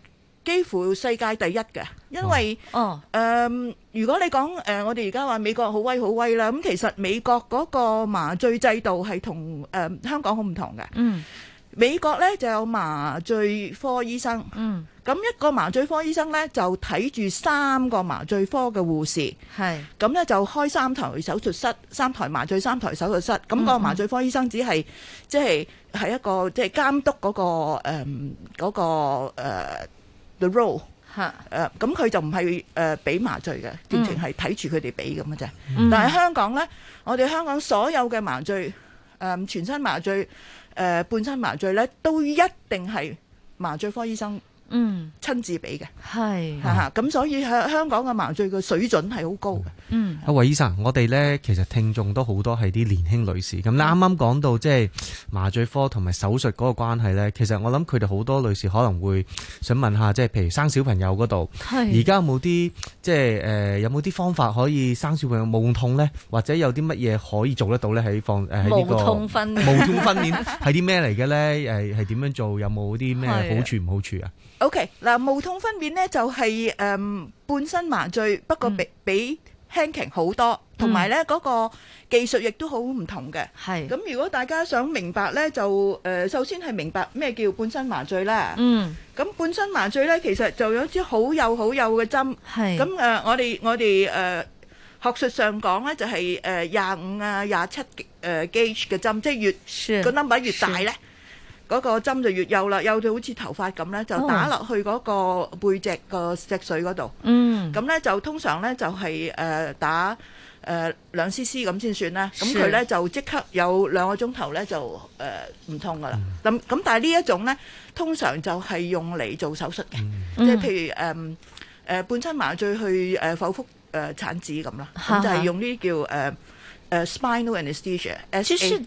幾乎世界第一嘅，因為誒、哦呃、如果你講誒、呃、我哋而家話美國好威好威啦，咁其實美國嗰個麻醉制度係同誒香港好唔同嘅。嗯。美國咧就有麻醉科醫生，嗯，咁一個麻醉科醫生咧就睇住三個麻醉科嘅護士，咁咧就開三台手術室，三台麻醉、三台手術室，咁、嗯嗰個麻醉科醫生只係即係係一個即係、即係、監督，嗰、嗰個誒嗰、嗯嗰個、呃、the role，誒咁佢就唔係誒俾麻醉嘅，完全係睇住佢哋俾咁嘅啫。但係香港咧，我哋香港所有嘅麻醉誒、呃、全身麻醉。誒、呃、半身麻醉咧，都一定係麻醉科醫生。嗯，親自俾嘅，係吓吓咁，所以香港嘅麻醉嘅水準係好高嘅。嗯，阿韋醫生，我哋咧其實聽眾都好多係啲年輕女士咁。你啱啱講到即係麻醉科同埋手術嗰個關係咧，其實我諗佢哋好多女士可能會想問下，即係譬如生小朋友嗰度，而家有冇啲即係有冇啲、即係呃、方法可以生小朋友冇痛咧？或者有啲乜嘢可以做得到咧？喺放誒冇、呢個、痛分冇痛分娩係啲咩嚟嘅咧？係 點樣做？有冇啲咩好處唔好處啊？OK，嗱，無痛分娩咧就係、是、誒、呃、半身麻醉，不過比、嗯、比輕型好多，同埋咧嗰個技術亦都好唔同嘅。係咁，如果大家想明白咧，就、呃、首先係明白咩叫半身麻醉啦。嗯，咁半身麻醉咧，其實就有一支好幼好幼嘅針。係咁誒、呃，我哋我哋誒、呃、學術上講咧，就係誒廿五啊廿七誒 Gauge 嘅針，即係越、嗰個 number 越大咧。嗰、嗰個針就越幼啦，幼到好似頭髮咁咧，就打落去嗰個背脊個脊髓嗰度。嗯，咁咧就通常咧就係誒打誒兩 c.c. 咁先算啦。咁佢咧就即刻有兩個鐘頭咧就誒唔痛噶啦。咁、嗯、咁但係呢一種咧，通常就係用嚟做手術嘅、嗯，即係譬如誒誒、嗯呃、半身麻醉去誒剖腹誒、呃、產子咁啦，哈哈咁就係用呢啲叫誒誒、呃、spinal Anesthesia, a n e s t h e s i a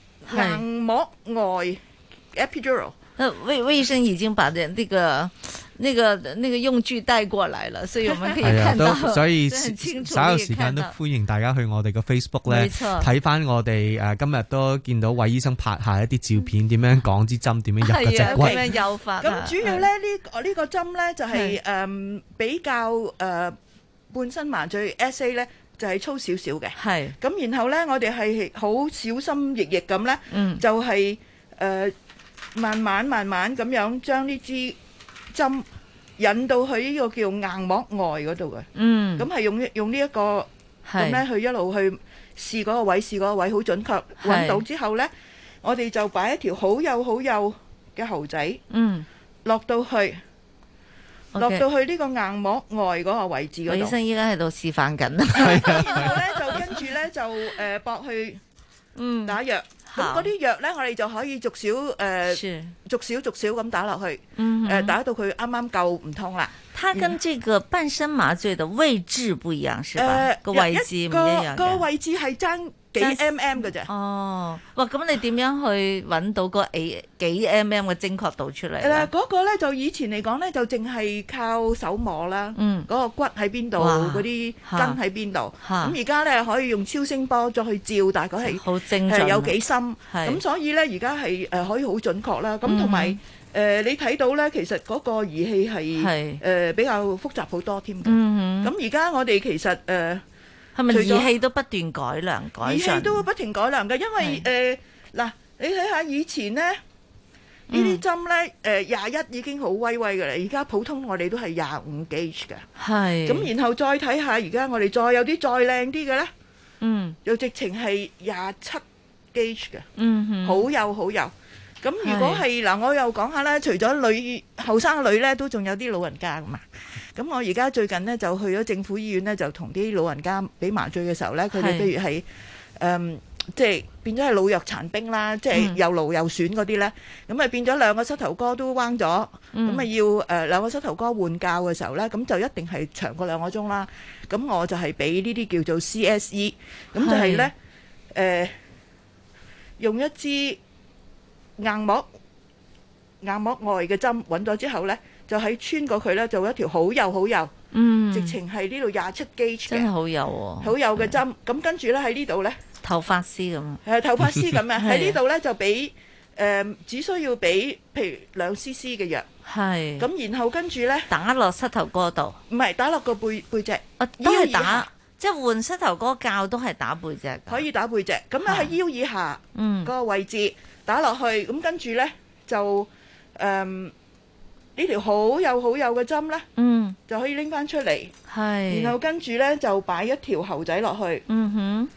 硬膜外 epidural，誒，韋醫、啊、生已經把啲那個、那個、那個用具帶過來了，所以我們可以看到 所以。所以清楚所以有時間都歡迎大家去我哋嘅 Facebook 咧，睇翻我哋誒、呃、今日都見到韋醫生拍下一啲照片，點樣講支針，點樣入脊骨，咁、啊啊、 主要咧呢？哦、這個，呢、這個針咧就係、是、誒、嗯、比較誒半、呃、身麻醉 sa 咧。就係粗少少嘅，咁然後咧，我哋係好小心翼翼咁咧，就係誒慢慢慢慢咁樣將呢支針引到去呢個叫硬膜外嗰度嘅，咁係用用呢一個咁咧去一路去試嗰個位，試嗰個位好準確揾到之後咧，我哋就擺一條好幼好幼嘅喉仔，落到去。Okay. 落到去呢個硬膜外嗰個位置嗰度，醫生依家喺度示範緊， 然後咧就跟住咧就誒駁、呃、去嗯打藥，咁嗰啲藥咧我哋就可以逐少誒、呃、逐少逐少咁打落去，誒、嗯呃、打到佢啱啱夠唔痛啦。它跟這個半身麻醉的位置不一樣，是吧？個位置唔一樣嘅。個位置係爭。幾 mm 嘅啫哦，哇！咁你點樣去揾到個 A 幾 mm 嘅精確度出嚟嗰、嗰個咧就以前嚟講咧，就淨係靠手摸啦，嗯，嗰、嗰個骨喺邊度，嗰啲筋喺邊度。咁而家咧可以用超聲波再去照，大概係好、呃、有幾深。咁所以咧，而家係誒可以好準確啦。咁同埋誒，你睇到咧，其實嗰個儀器係誒、呃，比較複雜好多添嘅。咁而家我哋其實誒。呃係咪儀器都不斷改良改善？儀器都不停改良嘅，因為誒嗱、呃，你睇下以前呢，呢啲針呢，誒廿一已經好威威嘅啦，而、嗯、家普通我哋都係廿五 gauge 嘅。係。咁然後再睇下，而家我哋再有啲再靚啲嘅呢，嗯，又直情係廿七 gauge 嘅，嗯，好幼好幼。很幼很幼。咁如果係嗱，我又講下咧，除咗女後生女咧，都仲有啲老人家噶嘛。咁我而家最近咧就去咗政府醫院咧，就同啲老人家俾麻醉嘅時候咧，佢哋譬如係誒，即係變咗係老弱殘兵啦，即係又勞又損嗰啲咧。咁啊變咗兩個膝頭哥都彎咗，咁啊要誒兩個膝頭哥換教嘅時候咧，咁就一定係長過兩個鐘啦。咁我就係俾呢啲叫做 CSE，咁就係咧誒用一支，硬膜硬膜外嘅針揾咗之後咧，就喺穿過去咧，做一條好幼好幼，嗯，直情係、哦、呢度廿七 G，好幼好幼嘅針。咁跟住咧喺呢度咧，頭髮絲咁，係頭髮絲咁啊。喺 呢度咧就俾誒、呃，只需要俾譬如兩 cc 嘅藥，係。咁然後跟住咧，打落膝頭哥度，唔係打落個背背脊、啊，都係打即係換膝頭哥教都係打背脊，可以打背脊。咁啊喺腰以下，嗯個位置。啊嗯打落去，咁跟住呢就誒呢條好幼好幼嘅針呢，嗯，就可以拎翻出嚟，係，然後跟住呢就擺一條喉仔落去，嗯哼。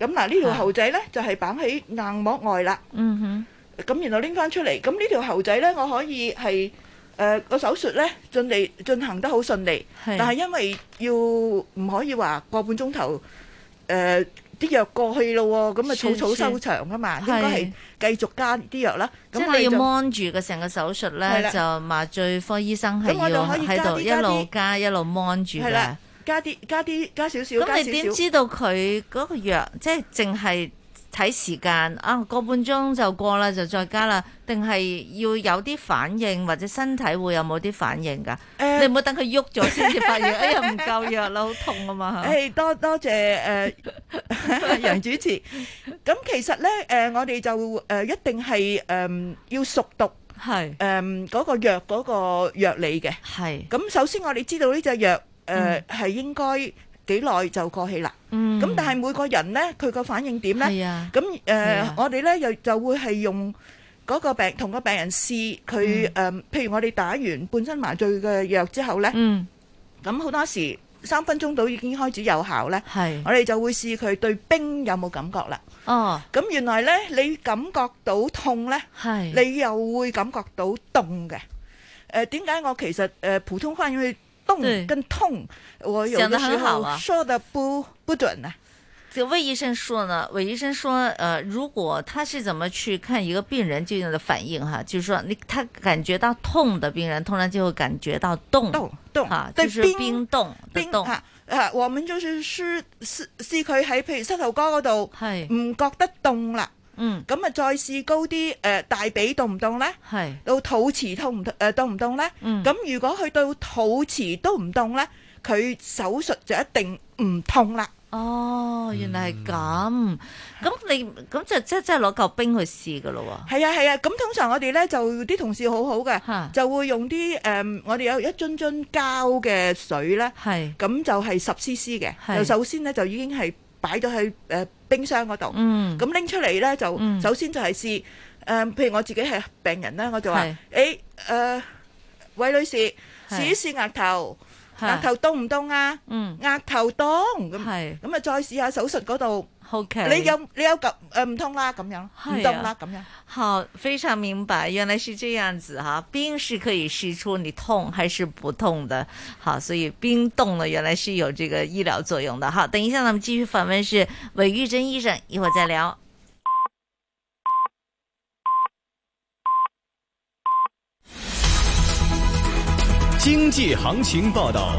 咁嗱，呢條喉仔呢就係綁喺硬膜外啦，嗯哼。咁然後拎翻出嚟，咁呢條喉仔呢，我可以係誒個手術呢進嚟進行得好順利，但係因為要唔可以話個半鐘頭誒。啲藥過去咯，咁咪草草收場噶嘛，應該係繼續加啲藥啦。即係你要 mon 住個成個手術咧，就麻醉科醫生係要喺度一路加，加一路 mon 住嘅。係啦，加啲加啲加少少。咁你點知道佢嗰個藥即係淨係？就係睇時間啊，個半鐘就過啦，就再加啦。定係要有啲反應，或者身體會有冇啲反應㗎、呃？你唔好等佢喐咗先至發現， 哎呀唔夠藥啦，好痛啊嘛嚇！多多謝誒、呃、 楊主持。咁其實咧誒、呃，我哋就誒、呃、一定係誒、呃、要熟讀嗰、呃那個藥嗰、那個藥理嘅。咁，首先我哋知道呢隻藥誒係、呃嗯、應該。幾耐就過氣啦？嗯，咁但係每個人咧，佢個反應點咧？係啊，咁誒，我哋咧又就會係用嗰個病同個病人試佢誒，譬如我哋打完半身麻醉嘅藥之後咧，嗯，咁好多時三分鐘到已經開始有效咧，係，我哋就會試佢對冰有冇感覺啦。哦，咁原來咧你感覺到痛咧，係，你又會感覺到凍嘅。誒，點解我其實誒普通翻去？凍跟痛，我有的得講得很好啊，說的不不準呢，啊。這韋醫生說呢，韋醫生說，呃，如果他是怎麼去看一個病人這樣的反應哈，啊，就是說，你他感覺到痛的病人，通常就會感覺到凍凍啊，就是冰凍冰凍哈，啊，我們就是是是是，試佢喺譬如膝頭哥嗰度，係，哎，唔覺得凍啦。嗯，咁咪再試高啲、呃，大髀凍唔凍咧？到肚臍痛唔痛？誒凍唔凍咧？咁、嗯、如果去到肚臍都唔凍咧，佢手術就一定唔痛啦。哦，原來係咁。咁、嗯、你咁就即係即係攞嚿冰去試㗎咯喎？係啊係啊。咁、啊、通常我哋咧就啲同事好好嘅，就會用啲、呃、我哋有一樽樽膠嘅水咧，係。咁就係十絲絲嘅。就首先咧就已經係。擺咗去誒冰箱嗰度，嗯，咁拎出嚟咧就首先就係試誒，譬如我自己係病人咧，我就話誒誒，韋、欸呃、女士試一試額頭，額頭凍唔凍啊？額、嗯、頭凍咁，咁啊，再試下手術嗰度。Okay，你有你有咁誒唔痛啦，啊，咁樣，唔凍啦咁樣。好，非常明白，原來是這樣子哈。冰是可以試出你痛還是不痛的，好，所以冰凍了原來是有這個醫療作用的。好，等一下，我們繼續訪問是韋玉珍醫生，一會再聊。經濟行情報道。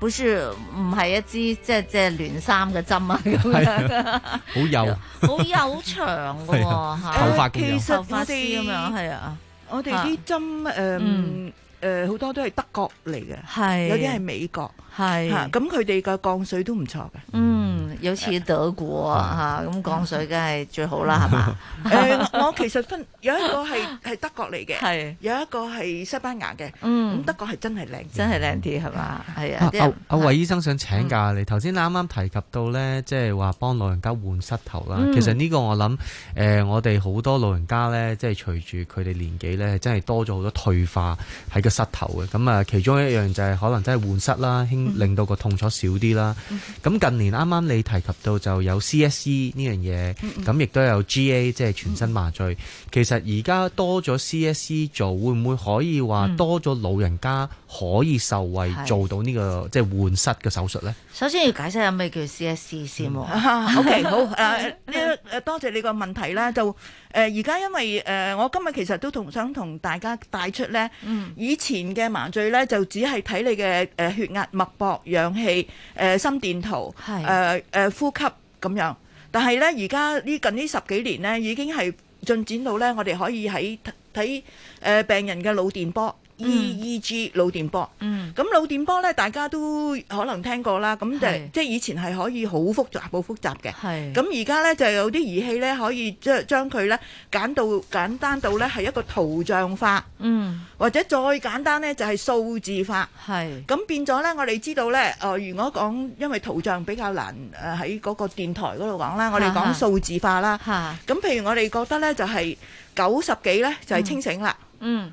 本嚟唔係一支即係即係連衫嘅針啊，好、啊、 很幼，好 幼，好長嘅喎、啊啊啊。頭髮嘅絲咁樣，係啊，我哋啲針誒誒好多都係德國嚟嘅，有啲係美國。係，咁佢哋嘅降水都唔錯嘅。嗯，有似德國嚇、啊，咁、啊啊、降水梗係最好啦，係嘛、啊 欸？我其實分有一個係德國嚟嘅，有一個係、啊、西班牙嘅。嗯、啊，咁德國係真係靚、啊，真係靚啲係嘛？係啊。阿、啊、韋、啊啊啊啊、醫生想請教你，頭先啱啱提及到咧，即係話幫老人家換膝頭啦、嗯。其實呢個我諗、呃，我哋好多老人家咧，即、就、係、是、隨住佢哋年紀咧，真係多咗好多退化喺個膝頭嘅。咁啊，其中一樣就係可能真係換膝啦，令到個痛楚少啲啦。咁、okay。近年啱啱你提及到就有 CSE 呢樣嘢，咁亦都有 GA 即係全身麻醉。Mm -hmm. 其實而家多咗 CSE 做，會唔會可以話多咗老人家？Mm -hmm. 可以受惠做到呢、呢個即係換室嘅手術咧？首先要解釋下咩叫 CSC 先。嗯、 OK，好、呃、多謝你個問題啦。就而家、呃、因為、呃、我今日其實都同想同大家帶出咧、嗯，以前嘅麻醉咧就只係睇你嘅血壓、脈搏、氧氣、呃、心電圖、呃、呼吸咁樣。但係咧而家呢近呢十幾年咧已經係進展到咧，我哋可以喺睇病人嘅腦電波。E E G 腦，嗯、電波，咁、嗯、腦電波咧，大家都可能聽過啦。咁、嗯、誒，即係以前係可以好複雜、好複雜嘅。係。咁而家咧就有啲儀器咧可以將將佢咧簡到簡單到咧係一個圖像化，嗯、或者再簡單咧就係、是、數字化。係、嗯。咁變咗咧，我哋知道咧，哦、呃，如果講因為圖像比較難誒喺嗰個電台嗰度講啦，我哋講數字化啦。嚇。咁譬如我哋覺得咧就係九十幾咧就係、是、清醒啦。嗯。嗯。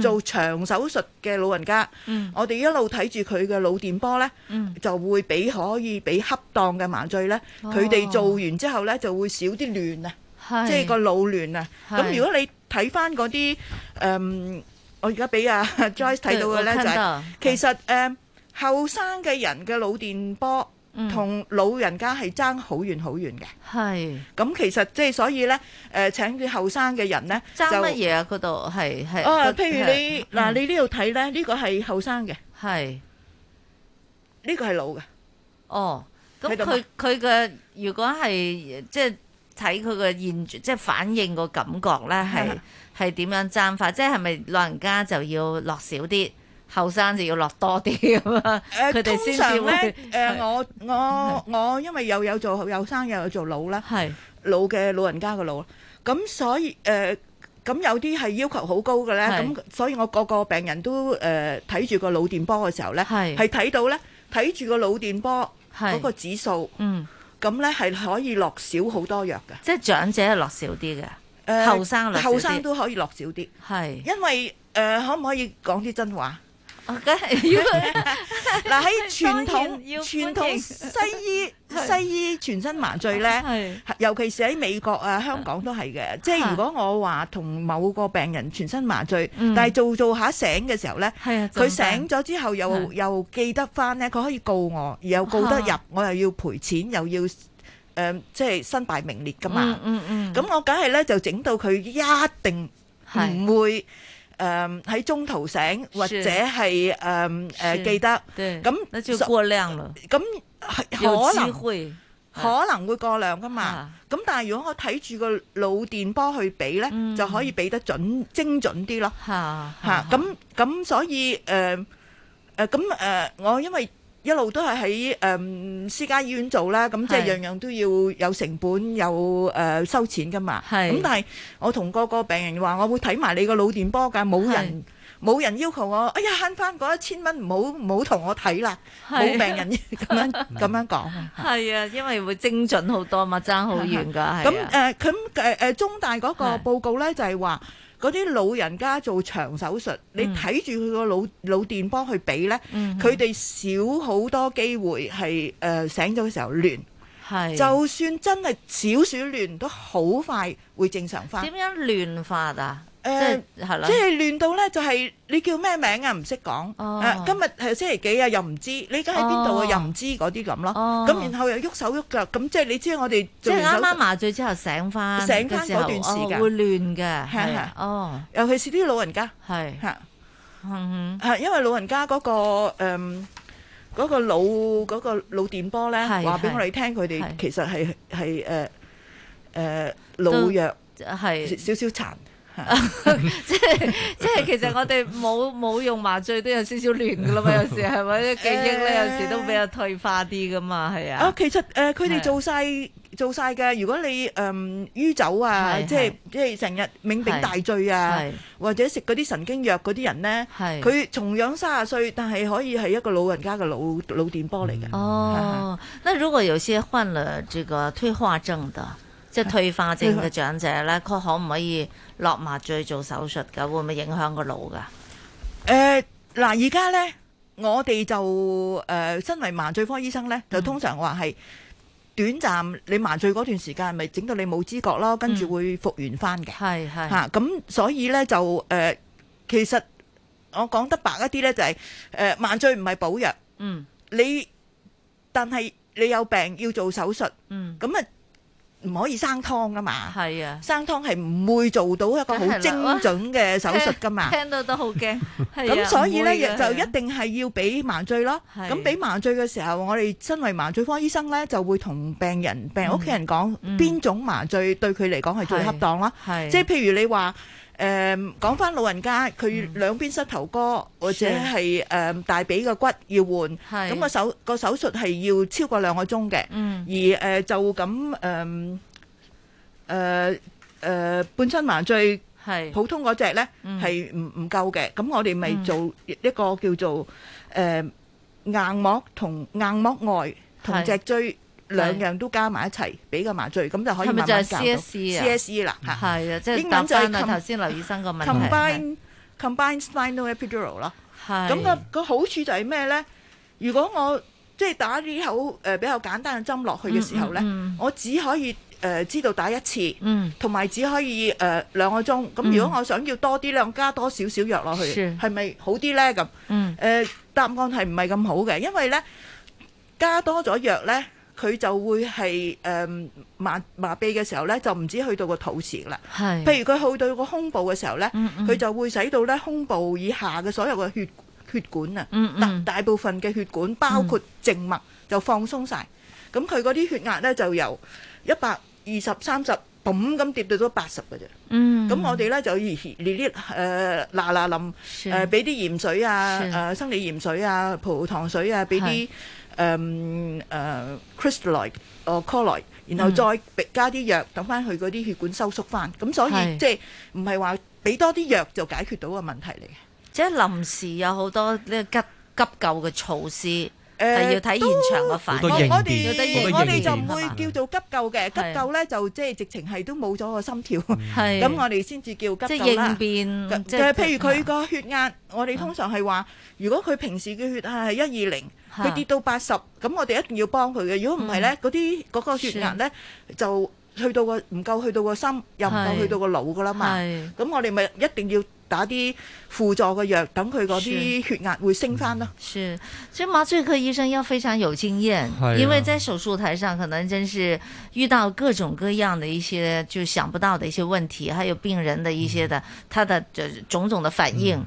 做長手術嘅老人家，嗯、我哋一路睇住佢嘅腦電波呢，嗯、就會俾可以俾恰當嘅麻醉呢佢哋、哦、做完之後呢，就會少啲亂啊，即係個腦亂啊。咁如果你睇翻嗰啲誒，我而家俾阿 Joyce 睇到嘅呢，嗯、就係、是、其實誒後生嘅人嘅腦電波。同老人家係爭好遠好遠嘅。係。咁其實即係所以咧，誒請佢後生嘅人咧，爭乜嘢啊？嗰度係係。啊，譬如你嗱，你呢度睇咧，呢、嗯呢個係後生嘅。係。呢、呢個係老嘅。哦。咁佢佢嘅如果係即係睇佢嘅現，即係反應個感覺咧，係係點樣爭法？即係係咪老人家就要落少啲？後生就要落多啲咁啊！佢哋通常咧，誒我我我因為又有做後生又有做老啦，係老嘅老人家嘅老，咁所以誒咁有啲係要求好高嘅咧，咁所以我個個病人都誒睇住個腦電波嘅時候咧，係係睇到咧睇住個腦電波嗰個指數，嗯，咁咧係可以落少好多藥嘅，即係長者係落少啲嘅，後生後生都可以落少啲，係因為誒可唔可以講啲真話？我梗係要嗱，喺傳統傳統西醫西醫全身麻醉咧，尤其是喺美國啊、香港都係嘅。即係如果我話同某個病人全身麻醉，但係做做下醒嘅時候咧，佢醒咗之後又又記得返咧，佢可以告我，又告得入，我又要賠錢，又要誒即係身敗名裂㗎嘛。嗯嗯，咁我梗係咧就整到佢一定唔會。誒、呃，喺中途醒或者係誒誒記得，咁咁、嗯呃呃呃，可能會可能會過量噶嘛？咁、啊、但係如果我睇住個腦電波去比咧、嗯，就可以比得準精準啲咯。吓、啊、吓，咁、啊、咁、啊啊啊啊啊啊、所以誒誒咁誒，我因為。一路都係喺誒私家醫院做啦，咁即係樣樣都要有成本，有誒、呃、收錢噶嘛。咁但係我同個個病人話，我會睇埋你個腦電波㗎，冇人冇人要求我，哎呀慳翻嗰一千蚊，唔好唔好同我睇啦，冇、啊、病人咁樣咁樣講。係 啊，因為會精準好多嘛，爭好遠㗎。咁誒、啊，咁誒誒中大嗰個報告咧、啊，就係、是、話。嗰啲老人家做長手術，嗯、你睇住佢個腦腦電波去比呢，佢、嗯、哋少好多機會係誒、呃、醒咗嘅時候亂，就算真係少少亂都好快會正常化。點樣亂法啊？誒，係啦，即係亂到咧，就係你叫咩名啊？唔識講誒，今日係星期幾啊？又唔知你而家喺邊度啊？又唔知嗰啲咁咯。哦，咁然後又喐手喐腳，咁即係你知我哋即係啱啱麻醉之後醒翻醒翻嗰段時間會亂嘅，係係哦。尤其是啲老人家係嚇，嗯嚇，因為老人家嗰個誒嗰個腦嗰個腦電波咧，話俾我哋聽，佢哋其實係係誒誒老弱，係少少殘。 即係即係，其實我哋冇冇用麻醉都有少少亂噶啦嘛，有時係咪？啲 記憶咧，有時都比較退化啲噶嘛，係啊。哦、啊，其實誒，佢、呃、哋做晒做晒噶。如果你誒酗、呃、酒啊，是是即係即係成日酩酊大醉啊是是，或者食嗰啲神經藥嗰啲人咧，佢重養卅歲，但係可以係一個老人家嘅腦腦電波嚟嘅。嗯、 哦，那如果有些患了這個退化症的？即係退化症嘅長者咧，佢可唔可以落麻醉做手術噶會唔會影響個腦噶誒、呃，嗱，而家咧，我哋就誒、呃，身為麻醉科醫生咧、嗯，就通常話係短暫，你麻醉嗰段時間係咪整到你冇知覺咯？跟住會復原翻嘅。係係吓，咁、啊、所以咧就誒、呃，其實我講得白一啲咧、就是，就係誒，麻醉唔係補藥。嗯。你但係你有病要做手術。嗯。咁啊？唔可以生湯噶嘛，生湯係唔會做到一個好精準嘅手術噶嘛。聽到都好驚，咁所以咧就一定係要俾麻醉咯。咁俾麻醉嘅時候，我哋身為麻醉科醫生咧，就會同病人、病屋企人講邊種麻醉對佢嚟講係最恰當啦。即係譬如你話。誒，講翻老人家，佢兩邊膝頭哥或者係誒大髀嘅骨要換，咁個手個手術係要超過兩個鐘嘅。嗯，而誒就咁誒誒誒半身麻醉普通嗰隻咧，係唔唔夠嘅。咁我哋咪做一個叫做誒硬膜同硬膜外同脊椎。兩樣都加埋一齊，俾個麻醉咁就可以慢慢教。CSE 啦，嚇。啊，即、就是、英文就係頭先劉醫生個問題、嗯、Combine，combine spinal epidural 咯。係。咁個個好處就係咩咧？如果我即係打呢口比較簡單嘅針落去嘅時候咧、嗯嗯，我只可以誒、呃、知道打一次，同、嗯、埋只可以誒、呃、兩個鐘。咁如果我想要多啲量，加多少少藥落去，係咪好啲咧？咁，嗯，答案係唔係咁好嘅？因為咧，加多咗藥咧。佢就會係誒、呃、麻麻痹嘅時候咧，就唔止去到個肚臍啦。係，譬如佢去到個胸部嘅時候咧，佢、嗯嗯、就會使到咧胸部以下嘅所有嘅血血管啊、嗯嗯，大大部分嘅血管包括靜脈、嗯、就放鬆晒。咁佢嗰啲血壓咧就由一百二十三十 boom 咁跌到咗八十嘅啫。嗯，咁、嗯、我哋咧就以熱啲烈嗱嗱冧誒，俾啲、啊、鹽水啊，誒、啊、生理鹽水啊，葡萄糖水啊，俾啲。啊誒、um, 誒、uh, crystalloid 或 colloid、嗯、l l 然後再加啲藥，等翻佢嗰啲血管收縮翻。咁所以即係唔係話俾多啲藥就解決到個問題嚟嘅？即係臨時有好多啲急急救嘅措施。誒、呃，要睇現場嘅反應，我哋我哋就唔會叫做急救嘅，急救咧就即係直情係都冇咗個心跳，咁我哋先至叫急救啦。即係譬如佢個血壓，我哋通常係話，如果佢平時嘅血壓係一二零，佢跌到八十，咁我哋一定要幫佢嘅。如果唔係咧，嗰啲嗰個血壓咧就，去到個唔夠，去到個心又唔夠，去到個腦㗎啦嘛。咁我哋咪一定要打啲輔助嘅藥，等佢嗰啲血壓會升返囉、嗯。是，所以麻醉科醫生要非常有經驗、啊，因為在手術台上可能真是遇到各種各樣的一些就想不到的一些問題，還有病人的一些的、嗯、他的這種種的反應。嗯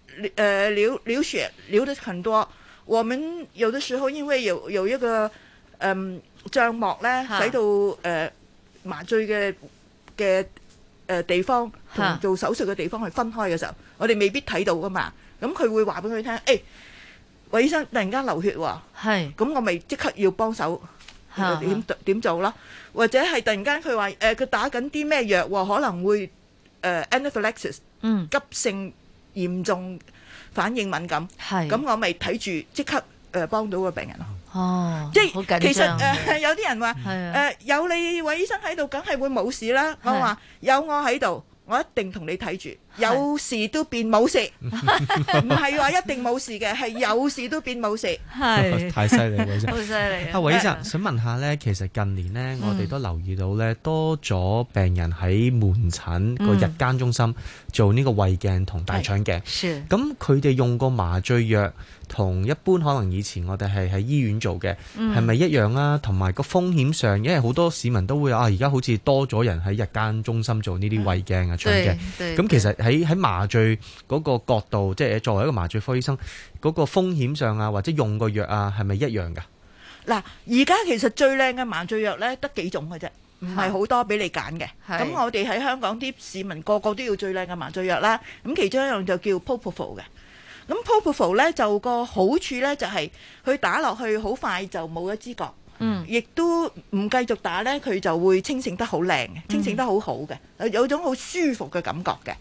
誒，流流血流得很多。我們有的時候因為有有一個嗯帳幕咧使到誒、呃、麻醉嘅嘅誒地方同做手術嘅地方去分開嘅時候，的我哋未必睇到噶嘛。咁佢會話俾佢聽，誒、欸，韋醫生突然間流血喎、哦。係咁，那我咪即刻要幫手點點做咯？或者係突然間佢話誒，佢、呃、打緊啲咩藥？可能會誒、呃、anaphylaxis、嗯、急性。嚴重反應敏感，咁是我咪睇住即刻誒、呃、幫到個病人咯。哦，即係其實誒、呃、有啲人話誒、嗯呃、有你位醫生喺度，梗係會冇事啦。是我話有我喺度。我一定同你睇住，有事都變冇事，唔係話一定冇事嘅，係有事都變冇事。係。 太犀利，醫生好犀利。阿韋醫生，想問下咧，其實近年咧，我哋都留意到咧，多咗病人喺門診個日間中心做呢個胃鏡同大腸鏡。咁，佢哋用過麻醉藥。同一般可能以前我哋係喺醫院做嘅，係咪一樣啊？同埋個風險上，因為好多市民都會啊，而家好似多咗人喺日間中心做呢啲胃鏡啊、腸鏡。咁其實喺喺麻醉嗰個角度，即係作為一個麻醉科醫生，嗰個風險上啊，或者用個藥啊，係咪一樣噶？嗱，而家其實最靚嘅麻醉藥咧，得幾種嘅啫，唔係好多俾你揀嘅。咁我哋喺香港啲市民個個都要最靚嘅麻醉藥啦。咁其中一樣就叫 Propofol 嘅。咁 propofol 咧就個好處咧就係、是、佢打落去好快就冇咗知覺，嗯，亦都唔繼續打咧佢就會清醒得好靚、嗯，清醒得好好嘅，有種好舒服嘅感覺嘅。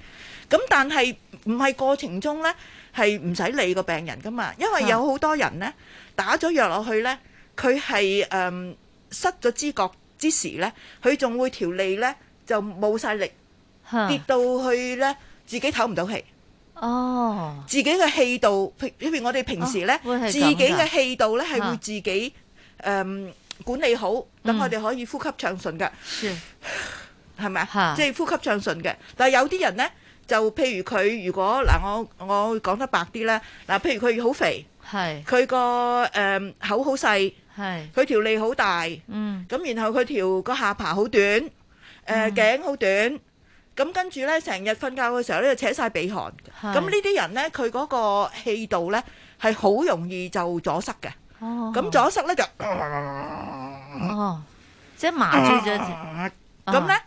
咁但係唔係過程中咧係唔使理個病人噶嘛，因為有好多人咧打咗藥落去咧佢係誒失咗知覺之時咧佢仲會條脷咧就冇晒力，跌、嗯、到去咧自己唞唔到氣。哦，自己嘅氣道，譬如我哋平時咧、哦，自己嘅氣道咧係會自己誒、啊嗯、管理好，咁我哋可以呼吸暢順嘅，係咪啊？即、就、係、是、呼吸暢順嘅。但係有啲人咧，就譬如佢如果嗱、呃，我我講得白啲咧，嗱、呃，譬如佢好肥，係佢個誒口好細，係佢條脷好大，嗯，咁然後佢條個下巴好短，誒頸好短。嗯咁跟住咧，成日瞓覺嘅時候咧，就扯曬鼻鼾。咁呢啲人咧，佢嗰個氣道咧係好容易就阻塞嘅。哦。咁阻塞咧就，哦，即係麻醉咗。咁咧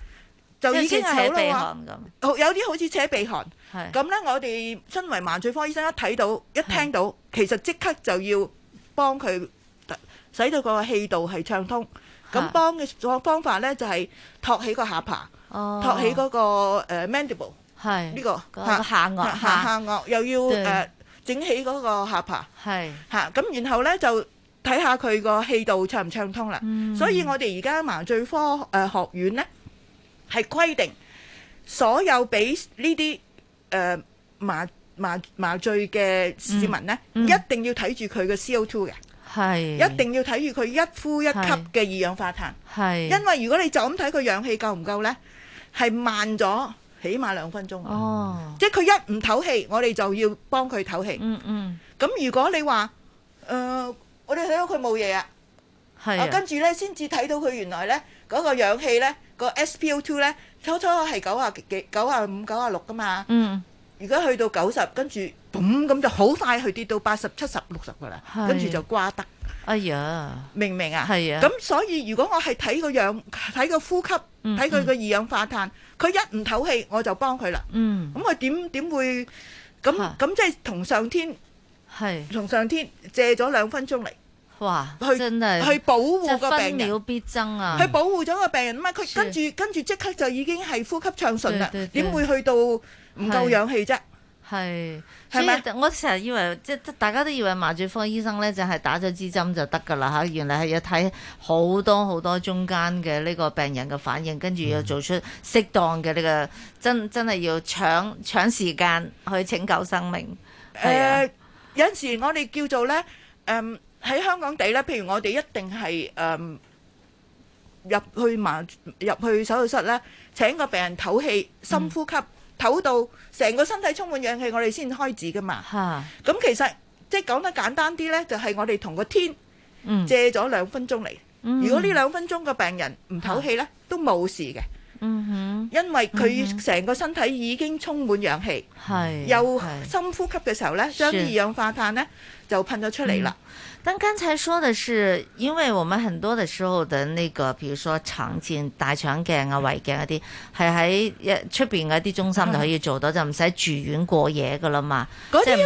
就已經係扯鼻鼾咁。有啲好似扯鼻鼾。係。咁咧，我哋身為麻醉科醫生，一睇到一聽到，其實即刻就要幫佢使到個氣道係暢通。咁幫嘅方法咧就係托起，下、哦托起，個，mandible, 呃、起個下巴，托起嗰個 mandible，呢個下下下顎又要誒整起嗰個下巴，咁然後咧就睇下佢個氣道暢唔暢通啦，嗯。所以我哋而家麻醉科誒學院咧係規定所有俾呢啲麻麻麻醉嘅市民咧，嗯嗯、一定要睇住佢嘅 CO2 嘅。係一定要睇住佢一呼一吸嘅二氧化碳，係，因為如果你就咁睇佢氧氣夠唔夠呢？係慢咗起碼兩分鐘。哦，即係佢一唔唞氣，我哋就要幫佢唞氣。嗯嗯，咁如果你話誒、呃，我哋睇到佢冇嘢啊，係、啊，跟住呢先至睇到佢原來呢嗰、嗰個氧氣呢，嗰個 SPO2 咧，初初係九十幾九十五九十六噶嘛。嗯。如果去到九十，跟住咁咁就好快去跌到八十、七十、六十噶啦，跟住就瓜得。哎呀，明唔明啊？係啊。咁所以如果我係睇個氧、睇個呼吸、睇、嗯、佢個二氧化碳，佢、嗯、一唔唞氣，我就幫佢啦。嗯。咁佢點點會咁咁即係同上天係同上天借咗兩分鐘嚟？哇！去真係去保護個病人。分秒必爭啊！去保護咗個病人啊嘛！佢跟住跟住即刻就已經係呼吸暢順啦。點會去到？唔夠氧氣啫，係，係咪？我成日以為即係大家都以為麻醉科醫生咧，就係打咗支針就得噶啦嚇。原嚟係要睇好多好多中間嘅呢個病人嘅反應，跟住要做出適當嘅呢、呢個、嗯、真真係要搶搶時間去拯救生命。誒、啊呃、有陣時我哋叫做咧誒喺香港地咧，譬如我哋一定係誒、嗯、入去麻入去手術室咧，請個病人唞氣深呼吸。嗯唞到成個身體充滿氧氣，我哋先開始噶嘛。咁、啊、其實即係講得簡單啲呢，就係、是、我哋同個天借咗兩分鐘嚟、嗯嗯。如果呢兩分鐘個病人唔唞氣呢，都冇事嘅、嗯。因為佢成個身體已經充滿氧氣，嗯、又深呼吸嘅時候呢，將二氧化碳呢，就噴咗出嚟啦。嗯但剛才說的是，因為我們很多的時候的那個，譬如說腸，腸鏡、大腸鏡啊、胃鏡嗰啲，係喺出邊嗰啲中心就可以做到，就唔使住院過夜嘅啦嘛。嗰啲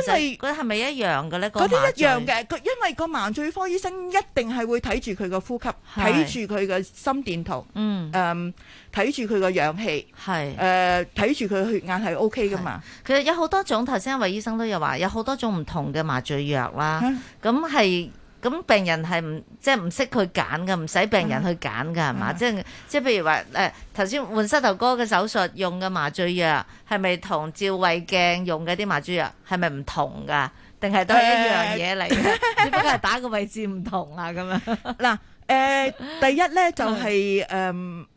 係咪一樣嘅呢？嗰啲一樣嘅，因為個麻醉科醫生一定係會睇住佢個呼吸，睇住佢嘅心電圖。嗯。Um, 睇住佢個氧氣係誒，睇住佢血壓係 O K 噶嘛？其實有好多種，頭先一位醫生都有話，有好多種唔同嘅麻醉藥啦。咁係咁病人係唔即係唔識佢揀㗎，唔、就、使、是、病人去揀㗎係嘛？即係即係譬如話誒，頭、呃、先換膝頭哥嘅手術用嘅麻醉藥係咪同照胃鏡用嘅啲麻醉藥係咪唔同㗎？定係都係一樣嘢嚟，只不過係打個位置唔同啦咁樣。嗱 誒、呃呃，第一咧就係、是、誒。嗯呃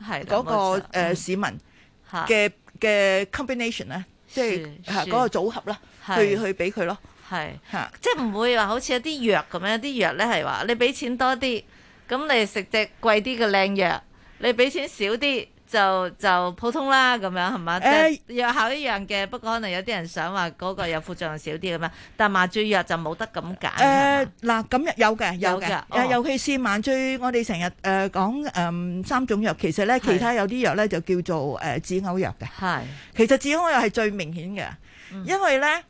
係、那、嗰個市民嘅嘅 combination 咧、嗯，即係係嗰個組合啦，去係去俾佢咯，係嚇，即係唔會話好似有啲藥咁樣，有啲藥咧係話你俾錢多啲，咁你食隻貴啲嘅靚藥，你俾錢少啲。就就普通啦，咁樣係嘛，藥、呃、效、即係、一樣嘅，不過可能有啲人想話嗰個有副作用少啲咁樣，但麻醉藥就冇得咁解。誒、呃，嗱，咁有嘅，有嘅、哦，尤其是麻醉，我哋成日誒講誒三種藥，其實咧其他有啲藥咧就叫做誒、呃、止嘔藥嘅。係，其實止嘔藥係最明顯嘅、嗯，因為咧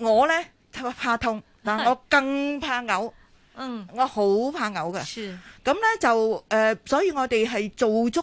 我咧怕痛，但我更怕嘔，嗯，我好怕嘔嘅。是，咁咧就誒、呃，所以我哋係做足。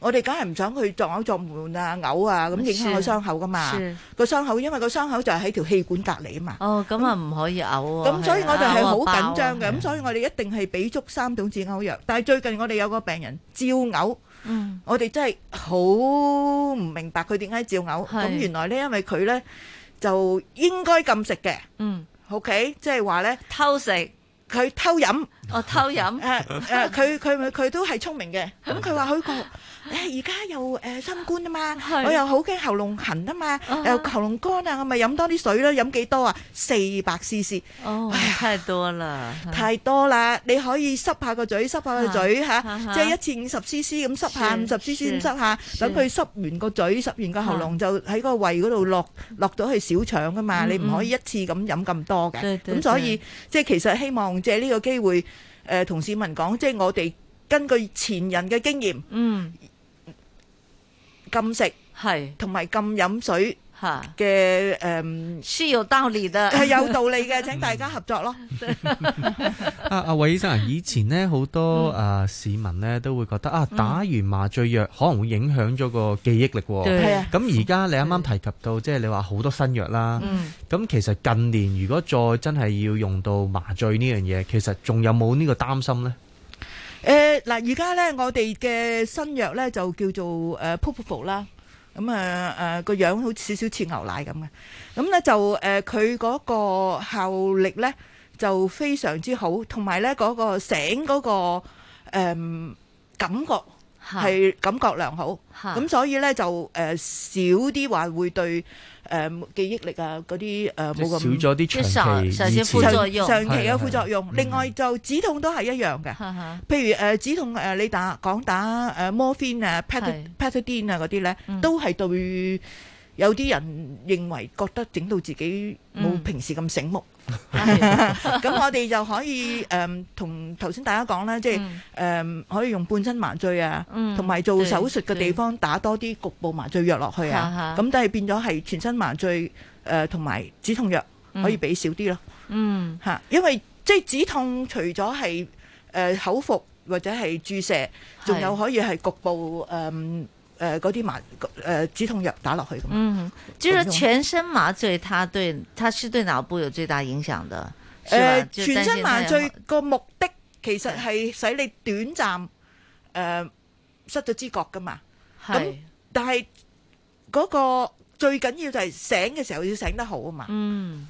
我哋梗係唔想佢作嘔作悶啊、嘔啊，咁影響個傷口㗎嘛。個傷口因為個傷口就係喺條氣管隔離啊嘛。哦，咁啊唔可以嘔喎、啊。咁、嗯嗯嗯嗯、所以我哋係好緊張嘅。咁、啊啊、所以我哋一定係俾足三種止嘔藥。但係最近我哋有個病人照嘔。嗯。我哋真係好唔明白佢點解照嘔。咁原來呢，因為佢呢，就應該禁食嘅。嗯。O K，即係話呢，偷食，佢偷飲。哦，偷飲。佢佢佢都係聰明嘅。咁佢話佢個。他 誒而家又誒新冠啊嘛，我又好驚喉嚨痕啊嘛，又喉嚨乾啊，我咪飲多啲水咯，飲幾多啊？四百 cc，哎呀，太多啦，太多啦！你可以濕下個嘴，濕下個嘴嚇，即係一次五十 cc 咁濕下，五十 cc 咁濕下。等佢濕完個嘴，濕完個喉嚨就喺個胃嗰度落落咗去小腸㗎嘛，你唔可以一次咁飲咁多嘅。咁所以即係其實希望借呢個機會誒，同市民講，即係我哋根據前人嘅經驗，嗯。禁食係，同埋禁飲水嘅誒，需要收斂啊，係有道理嘅，請大家合作咯。阿阿韋醫生啊，以前咧好多誒市民咧都會覺得啊，打完麻醉藥可能會影響咗個記憶力。係啊，咁而家你啱啱提及到，即係你話好多新藥啦。咁其實近年如果再真係要用到麻醉呢樣嘢，其實仲有冇呢個擔心咧？誒、呃，嗱而家咧，我哋嘅新藥咧就叫做誒 Propofol 啦，咁啊誒個樣好似少少似牛奶咁嘅，咁咧就誒佢嗰個效力咧就非常之好，同埋咧嗰個醒嗰、嗰個誒、呃、感覺。係感覺良好，咁所以咧就誒、呃、少啲話會對誒、呃、記憶力啊嗰啲誒冇咁少咗啲長期、長期、長期嘅副作用，長期有副作用。另外就止痛都係一樣嘅，譬如誒、呃、止痛誒、呃、你打講打誒 morphine、呃、啊、pethidine 啊嗰啲咧，都係對。有啲人認為覺得整到自己冇平時咁醒目，咁、 嗯、 我哋就可以誒、嗯、同頭先大家講啦，即係誒、嗯嗯、可以用半身麻醉啊，同、嗯、埋做手術嘅地方打多啲局部麻醉藥落去啊，咁但係變咗係全身麻醉誒同埋止痛藥可以俾少啲咯，嗯嚇，因為即係止痛除咗係誒口服或者係注射，仲有可以係局部誒。呃誒、呃，嗰啲麻誒、呃、止痛藥打落去咁。嗯，就是全身麻醉，它對它是對腦部有最大影響的。誒、呃，全身麻醉個目的其實係使你短暫誒、呃、失咗知覺噶嘛。咁但係嗰個最緊要就係醒嘅時候要醒得好啊嘛。嗯，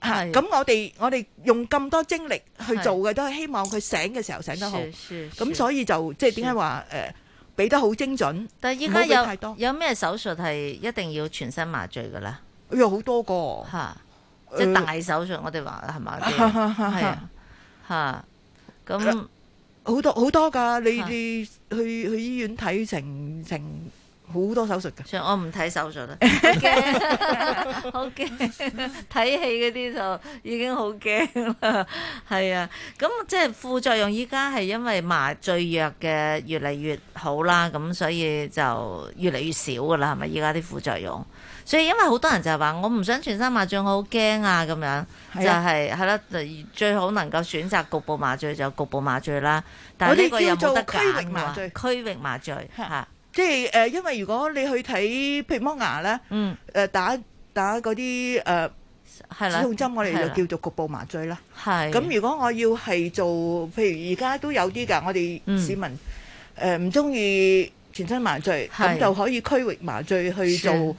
係。咁、啊、我哋我哋用咁多精力去做嘅都係希望佢醒嘅時候醒得好。咁所以就即係點解話誒？就是俾得好精準，但係依家有太多，有咩手術係一定要全身麻醉噶咧？有好多個，吓即係大手術，我哋話係嘛，係啊，吓咁好多好多噶，你哋去去醫院睇成成。成好多手術嘅，所以我唔睇手術啦，好 驚，好驚睇戲嗰啲就已經好驚啦，係啊，咁即係副作用依家係因為麻醉藥嘅越嚟越好啦，咁所以就越嚟越少噶啦，係咪？依家啲副作用，所以因為好多人就係話我唔想全身麻醉，我好驚啊咁樣，係啊、就係係啦，啊、就最好能夠選擇局部麻醉就局部麻醉啦。但係呢個我哋叫做區域麻醉，區域麻醉吓。即係誒、呃，因為如果你去睇，譬如剝牙咧，誒、呃、打打嗰啲誒止痛針，我哋就叫做局部麻醉啦。咁如果我要係做，譬如而家都有啲㗎，我哋市民誒唔中意全身麻醉，咁就可以區域麻醉去做誒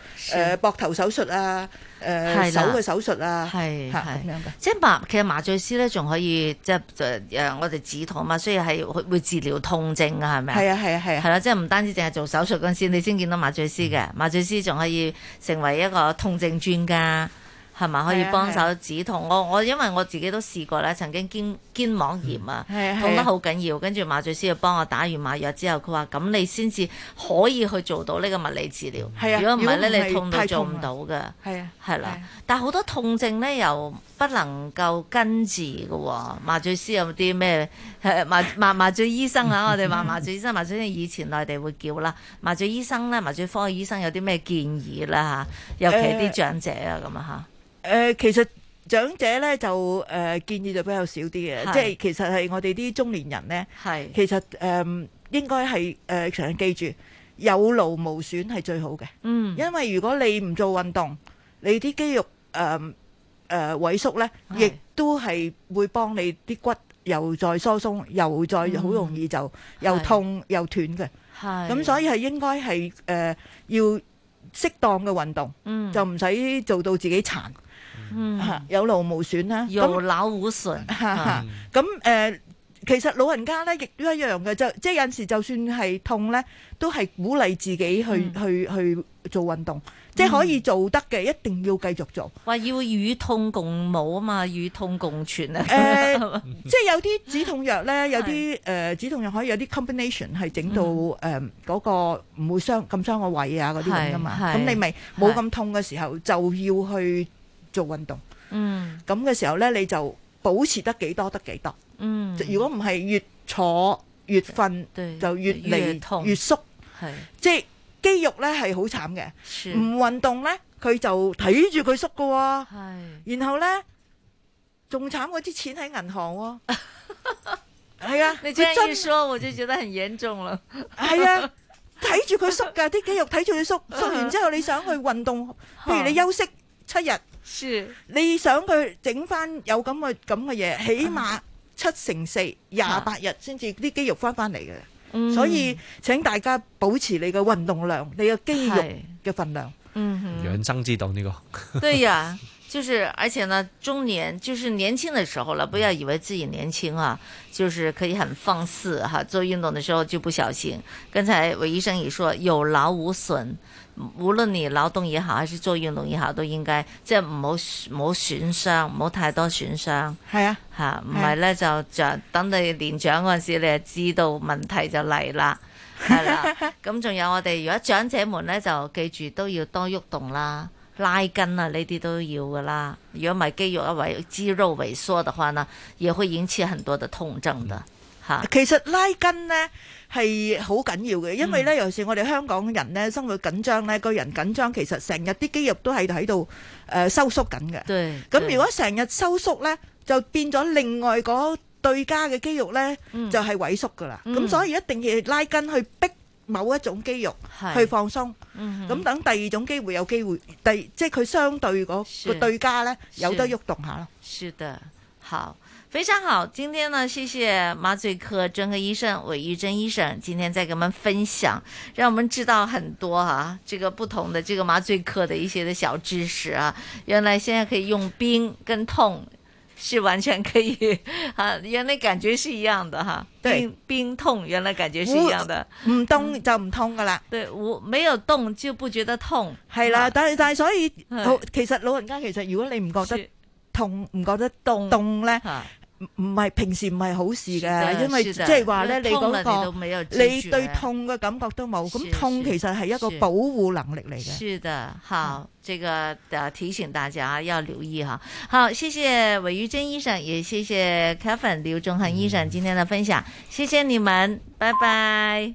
膊、呃、頭手術啊。誒、呃，的的手嘅手術啊，係係咁樣嘅。即麻其實麻醉師咧，仲可以即誒、呃，我哋止痛嘛，所以係會治療痛症啊，係咪啊？係啊係啊係。係啦，即唔單止淨係做手術嗰陣時，你先見到麻醉師嘅，麻醉師仲可以成為一個痛症專家。係咪可以幫手止痛？啊啊、我我因為我自己都試過咧，曾經肩肩膀炎啊、嗯，痛得好緊要。跟住、啊啊、麻醉師要幫我打完麻藥之後，佢話：咁你先至可以去做到呢個物理治療。係啊、如果唔係咧，你痛到做唔到嘅。係啊，係啦、啊啊。但係好多痛症咧又不能夠根治嘅喎、啊。麻醉師有啲咩？ 麻麻麻醉醫生嚇、啊，我哋話麻， 麻醉醫生，麻醉醫生以前內地會叫啦。麻醉醫生咧，麻醉科嘅醫生有啲咩建議啦？嚇，尤其啲長者啊，咁啊嚇。誒，其實長者咧就誒建議就比較少啲嘅，即係其實係我哋啲中年人咧，其實誒應該係誒，常常記住有勞無損係最好嘅。嗯，因為如果你唔做運動，你啲肌肉誒誒萎縮咧，亦都係會幫你啲骨又再疏鬆，又再好容易就又痛又斷嘅。係咁，所以係應該係誒要適當嘅運動，就唔使做到自己殘。嗯，有勞無損啦，有勞無損，咁誒、嗯，其實老人家咧亦都一樣嘅，就即係有時就算係痛咧，都係鼓勵自己去去、嗯、去做運動，即係可以做得嘅，一定要繼續做。話、嗯、要與痛共舞啊嘛，與痛共存啊。誒，呃、 即係有啲止痛藥咧，有啲誒止痛藥可以有啲 combination 係整到誒嗰個唔會傷咁傷個胃啊嗰啲咁噶嘛。咁你咪冇咁痛嘅時候就要去。做運動，嗯，咁嘅時候咧，你就保持得幾多得幾多，嗯，如果唔係越坐越瞓，就越嚟越痛越縮，係，即係肌肉咧係好慘嘅，唔運動咧佢就睇住佢縮噶，係，然後咧仲慘過啲錢喺銀行、哦，係 啊，你這樣一說我就覺得很嚴重啦，係 啊，睇住佢縮噶啲肌肉睇住佢縮，縮完之後你想去運動，譬如你休息七日。 是你想佢整翻有咁嘅咁嘅嘢，起碼七乘四廿八日先至啲肌肉翻翻嚟嘅，所以請大家保持你嘅運動量，你嘅肌肉嘅分量。嗯，養生之道呢個。對啊，就是而且呢中年就是年輕的時候啦，不要以為自己年輕啊，就是可以很放肆哈，做運動的時候就不小心。剛才韋醫生已說有勞無損。無論你勞動也好，還是做運動也好，都應該即係唔好唔好損傷，唔好太多損傷。係啊，吓唔係咧就就等你年長嗰陣時，你就知道問題就嚟啦。係啦、啊，咁 仲有我哋如果長者們咧就記住都要多喐動啦，拉筋啊呢啲都要噶啦。如果唔係肌肉一位肌肉萎縮嘅話呢，亦會引起很多嘅痛症的。吓、嗯啊，其實拉筋咧。係好緊要嘅，因為咧尤其是我哋香港人咧生活緊張咧，個人緊張其實成日啲肌肉都係喺度誒收縮緊嘅。對，咁如果成日收縮咧，就變咗另外嗰對家嘅肌肉咧就係萎縮㗎啦。咁所以一定要拉筋去逼某一種肌肉去放鬆。嗯，咁等第二種機會有機會，第即係佢相對嗰個對家咧有得喐動下咯。是的，好。非常好，今天呢，謝謝麻醉科專科醫生韋玉珍醫生，今天再給我們分享，讓我們知道很多哈、啊，這個不同的這個麻醉科的一些的小知識啊。原來現在可以用冰跟痛，是完全可以啊。原來感覺是一樣的哈、啊，對，冰，冰痛原來感覺是一樣的。唔動就唔痛嘅啦。對，我沒有動就不覺得痛。係啦，是但係但係所以是，其實老人家其實如果你唔覺得痛，唔覺得凍凍咧。唔係平時唔係好事嘅，因為即係話咧，你嗰個你，啊、你對痛嘅感覺都冇，咁痛其實係一個保護能力嚟嘅。是的，好、嗯，這個提醒大家要留意哈。好，謝謝韋玉珍醫生，也謝謝 Kevin 劉仲恒醫生今天的分享，嗯，謝謝你們，拜拜。